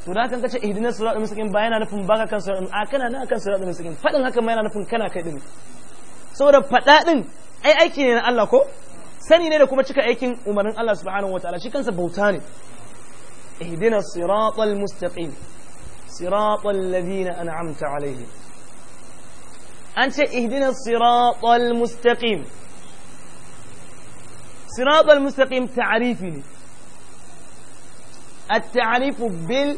to da kan kace ihdinas siratul mustaqim bayan yana nufin baka kan siratal a kana na kan siratul mustaqim fadin haka mai yana nufin kana kai din saboda fada din ai aiki ne na Allah ko sani ne da kuma cika aikin umarnin Allah subhanahu wataala shi kansa bauta ne اهدنا الصراط المستقيم صراط الذين أنعمت عليهم أنت اهدنا الصراط المستقيم صراط المستقيم تعريفني التعريف بال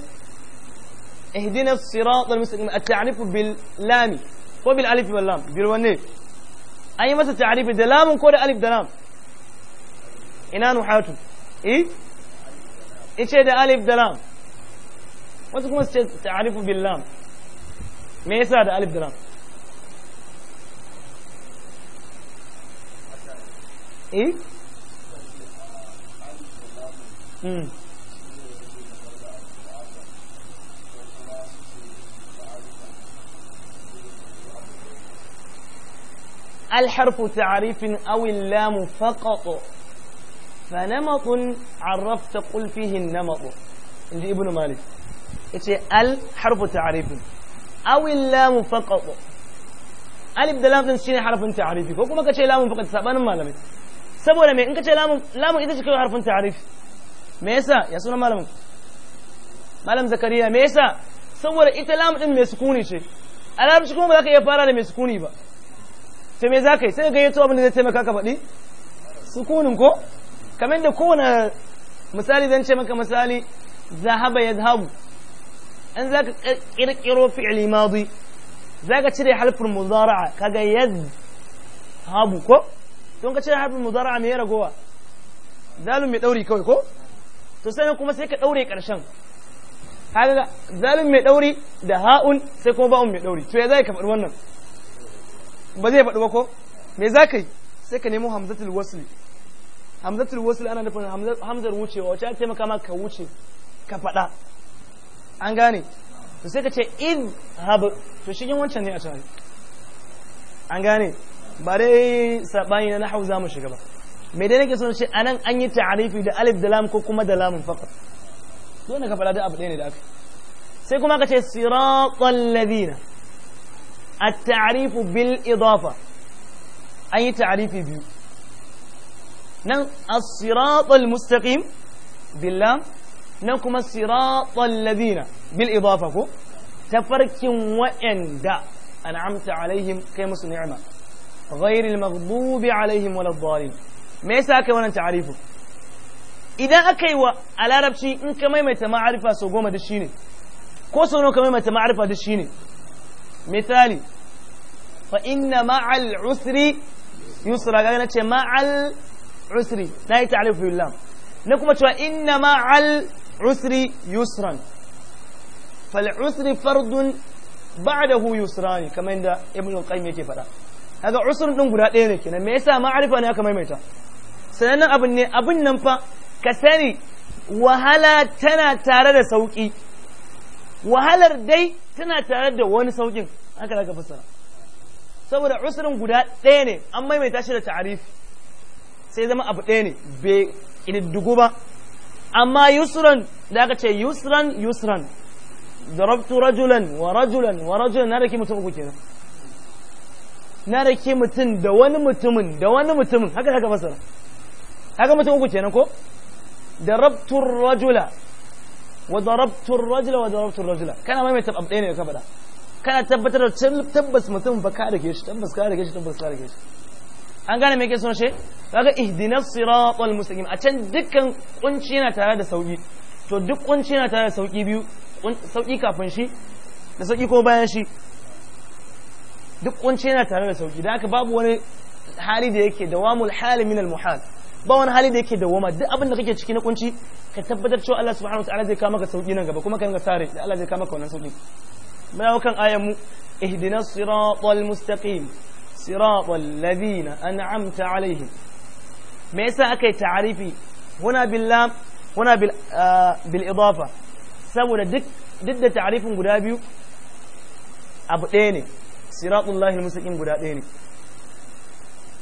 اهدنا الصراط المستقيم التعريف باللام وبالالف واللام بالوني اي متى تعريف دلام كور الف دلام انان وحاتم ايه ايش هذا الف دلام وانتم تعرفوا باللام ما ايش هذا الف دلام ايه امم الحرف تعريف او اللام فقط fa namatun arrafta qul fihi namatu inji ibnu malik yace al harfu ta'rifin aw lam faqat alif da lam shine harfin ta'rifi kuma kace lamun faqat sabanin malamai saboda me in kace lamun ita ce kai harfin ta'rifi me yasa ya suna malamin malam zakariya me yasa saboda ita lam din sukuni ce a larabci kuma ba iya fara da mai sukuni ba to me za ka yi sai ka gayyato abin da zai ka faɗi sukunin ko kamar da kowane misali zan ce maka misali zahaba ya zahabu an za ka ƙirƙiro fi'ili madi za ka cire harfin muzara'a kaga ya zahabu ko don ka cire harfin muzara'a mai ragowa zalun mai ɗauri kawai ko to sai kuma sai ka ɗaure ƙarshen kaga zalun mai ɗauri da ha'un sai kuma ba'un mai ɗauri to ya zai ka faɗi wannan ba zai faɗi ba ko me za ka yi sai ka nemo hamzatul wasli hamzatul wasul ana nufin hamzar wucewa wacce ake taimaka maka ka wuce ka faɗa an gane to sai ka ce in hab to shi wancan ne a can an gane ba dai sabani na nahwu zamu shiga ba me dai nake son shi anan an yi ta'arifi da alif da lam ko kuma da lamun faqat dole ka faɗa da abu ɗaya ne da aka sai kuma ka ce siratal ladina at-ta'rifu bil idafa an yi ta'arifi biyu nan as mustaqim billah nan kuma siratal ladina bil idafa ko tafarkin wa'anda an'amta alaihim kai musu ni'ima ghairil maghdubi alaihim waladdallin me yasa kai wannan ta'arifu idan aka yi wa larabci in ka maimaita ma'arifa sau goma duk shine ko sau nawa ka maimaita ma'arifa duk shine misali fa inna ma'al usri yusra ga na ma'al usri na yi ta'arifu lam na kuma cewa inna ma'al usri yusran fal usri fardun ba'dahu yusrani kamar yadda ibn qayyim yake fada kaga usrun din guda ɗaya ne kenan me yasa ma'arifa ne aka maimaita sanannen abin ne abin nan fa ka sani wahala tana tare da sauki wahalar dai tana tare da wani saukin haka zaka fassara saboda usrun guda ɗaya ne an maimaita shi da ta'arifi sai zama abu ɗaya ne bai ƙididdigu ba amma yusran da aka ce yusran yusran darabtu rajulan wa rajulan wa rajulan na rake mutum uku kenan na rake mutum da wani mutumin da wani mutumin haka haka fasara haka mutum uku kenan ko da rabtu rajula wa rabtu rajula wa rabtu rajula kana mai tab ɗaya ne ka faɗa kana tabbatar da tabbas mutum ba ka rake shi tabbas ka rake shi tabbas ka rake shi an gane me ke son shi kaga ihdinas siratal mustaqim a can dukkan kunci yana tare da sauki to duk kunci yana tare da sauki biyu sauki kafin shi da sauki ko bayan shi duk kunci yana tare da sauki da haka babu wani hali da yake dawamul hali min al muhal ba wani hali da yake dawama duk abin da kake ciki na kunci ka tabbatar cewa Allah subhanahu wataala zai kawo maka sauki nan gaba kuma ka ringa sare da Allah zai kawo maka wannan sauki muna kan ayan mu ihdinas siratal mustaqim siratal ladina an'amta alaihim me yasa aka yi ta'arifi huna bil lam huna bil idafa saboda duk da ta'arifin guda biyu abu ɗaya ne siratul lahil mustaqim guda ɗaya ne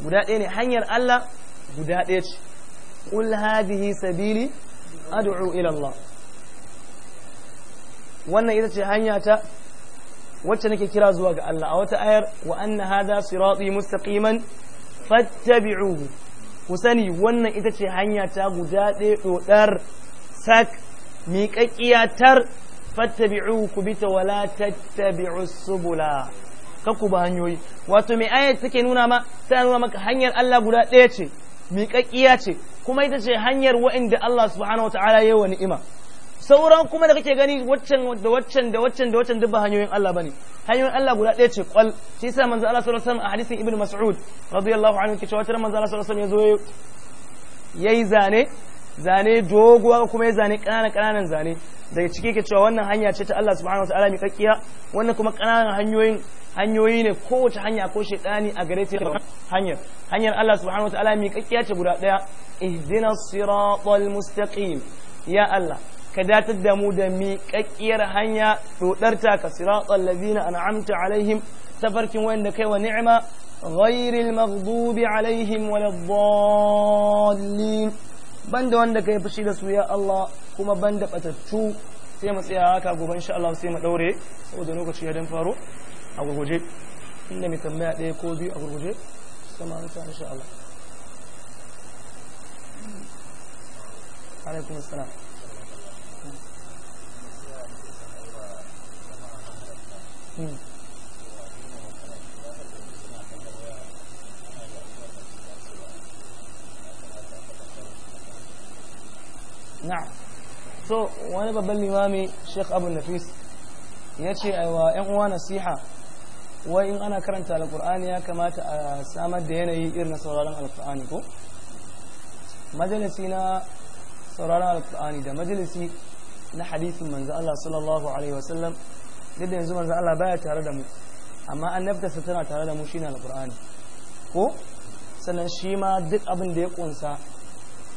guda ɗaya ne hanyar Allah guda ɗaya ce qul hadhihi sabili ad'u ila Allah wannan ita ce hanya ta wacce nake kira zuwa ga Allah a wata ayar wa anna hadha sirati mustaqiman fattabi'uhu ku sani wannan ita ce hanya ta guda ɗaya ɗodar sak miƙaƙƙiya tar fattabi'uhu ku bita wala tattabi'u subula ka ku ba hanyoyi wato mai ayar take nuna ma ta nuna maka hanyar Allah guda ɗaya ce miƙaƙƙiya ce kuma ita ce hanyar waɗanda Allah subhanahu wa ta'ala ya yi wa ni'ima sauran kuma da kake gani waccan da waccan da waccan da waccan duk ba hanyoyin Allah bane hanyoyin Allah guda ɗaya ce kwal shi yasa manzo Allah sallallahu alaihi wasallam a hadisin ibnu mas'ud radiyallahu anhu kace wata manzo Allah sallallahu alaihi wasallam yazo yayi zane zane doguwa kuma ya zane ƙananan ƙananan zane daga ciki yake cewa wannan hanya ce ta Allah subhanahu wa wataala mai kakkiya wannan kuma ƙananan hanyoyin hanyoyi ne kowace hanya ko shaytani a gare ta hanyar hanyar Allah subhanahu wa wataala mai kakkiya ce guda ɗaya ihdinas siratal mustaqim ya Allah ka datar da mu da miƙaƙƙiyar hanya dodarta ka siratal ladina an'amta alaihim tafarkin wanda kai wa ni'ima ghairil maghdubi alaihim waladdallin banda wanda kai fushi da su ya Allah kuma banda batattu sai mu tsaya haka gobe insha Allah sai mu daure saboda lokaci ya dan faro a gurguje inda mai tambaya ɗaya ko biyu a gurguje sama an sa insha Allah alaikum assalam Hmm. na'am so wani babban limami sheikh abu nafis ya ce aiwa 'yan uwa nasiha wai in ana karanta alkur'ani ya kamata a samar da yanayi irin sauraron alkur'ani ko majalisi na sauraron alkur'ani da majalisi na hadisin manzo Allah sallallahu alaihi wasallam duk yanzu manzo Allah baya tare da mu amma annabtarsa tana tare da mu shine alqur'ani ko sannan shi ma duk abin da ya kunsa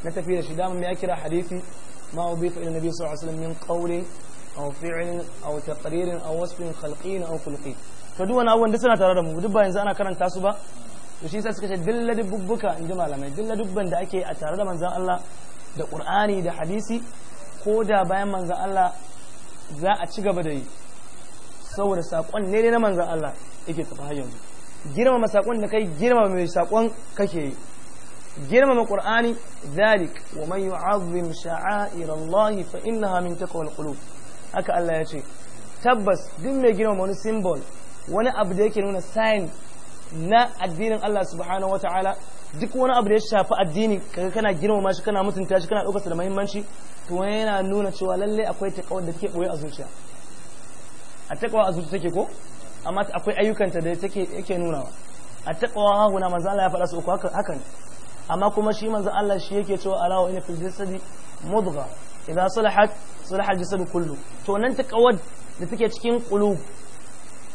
na tafi da shi dama me ya kira hadisi ma ubifa ila nabi sallallahu alaihi wasallam min qawli aw fi'lin aw taqririn aw wasfin khalqin aw khulqi to duk wani abubuwan duk suna tare da mu duk ba yanzu ana karanta su ba to shi yasa suka ce dilla dubbuka in ji malamai dilla dubban da ake a tare da manzon Allah da qur'ani da hadisi ko da bayan manzon Allah za a ci gaba da yi saboda saƙon ne na manzan Allah yake tafi su girma girmama saƙon da kai girmama mai saƙon kake yi girmama qur'ani zalik wa man yu'azzim sha'air Allah fa innaha min taqwal qulub haka Allah ya ce tabbas duk mai girmama wani simbol wani abu da yake nuna sign na addinin Allah subhanahu wataala duk wani abu da ya shafi addini kaga kana girmama shi kana mutunta shi kana ɗaukarsa da muhimmanci to yana nuna cewa lalle akwai taqwa da take ɓoye a zuciya a takawa a zuci take ko amma akwai ayyukanta da take yake nunawa a taqwa ha guna manzo Allah ya faɗa su uku hakan amma kuma shi manzo Allah shi yake cewa alawa ina fil jasadi mudgha idan salahat salaha jasadu kullu to nan taqawad da take cikin qulub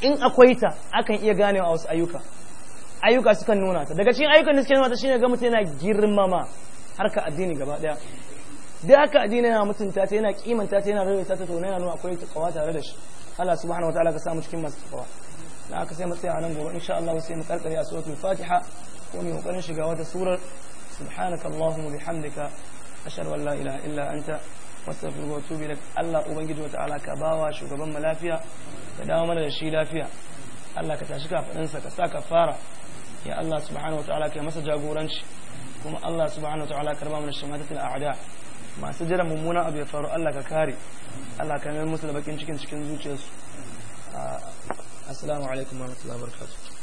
in akwai ta akan iya ganewa a wasu ayyuka ayyuka sukan nuna ta daga cikin ayyukan da suke nuna ta shine ga mutum yana girmama harka addini gaba daya da haka addini yana mutunta ta yana kimanta ta yana rarraita ta to yana nuna akwai takawa tare da shi Allah subhanahu wataala ka samu cikin masu takawa na aka sai mu tsaya nan gobe insha Allah sai mu karkare a suratul Fatiha ko mu kokarin shiga wata surar subhanakallahumma bihamdika ashhadu an la ilaha illa anta wastaghfiruka wa atubu ilaik Allah ubangiji wa ta'ala ka bawa shugaban mu lafiya ka dawo mana da shi lafiya Allah ka tashi kafaɗinsa ka sa ka fara ya Allah subhanahu wa ta'ala ka masa jagoranci kuma Allah subhanahu wa ta'ala ka raba mana shamatatul a'da masu jira mummunan abu ya faru Allah ka kare Allah ka yi musu da bakin cikin cikin zuciyarsu ah, assalamu alaikum warahmatullahi wabarakatuh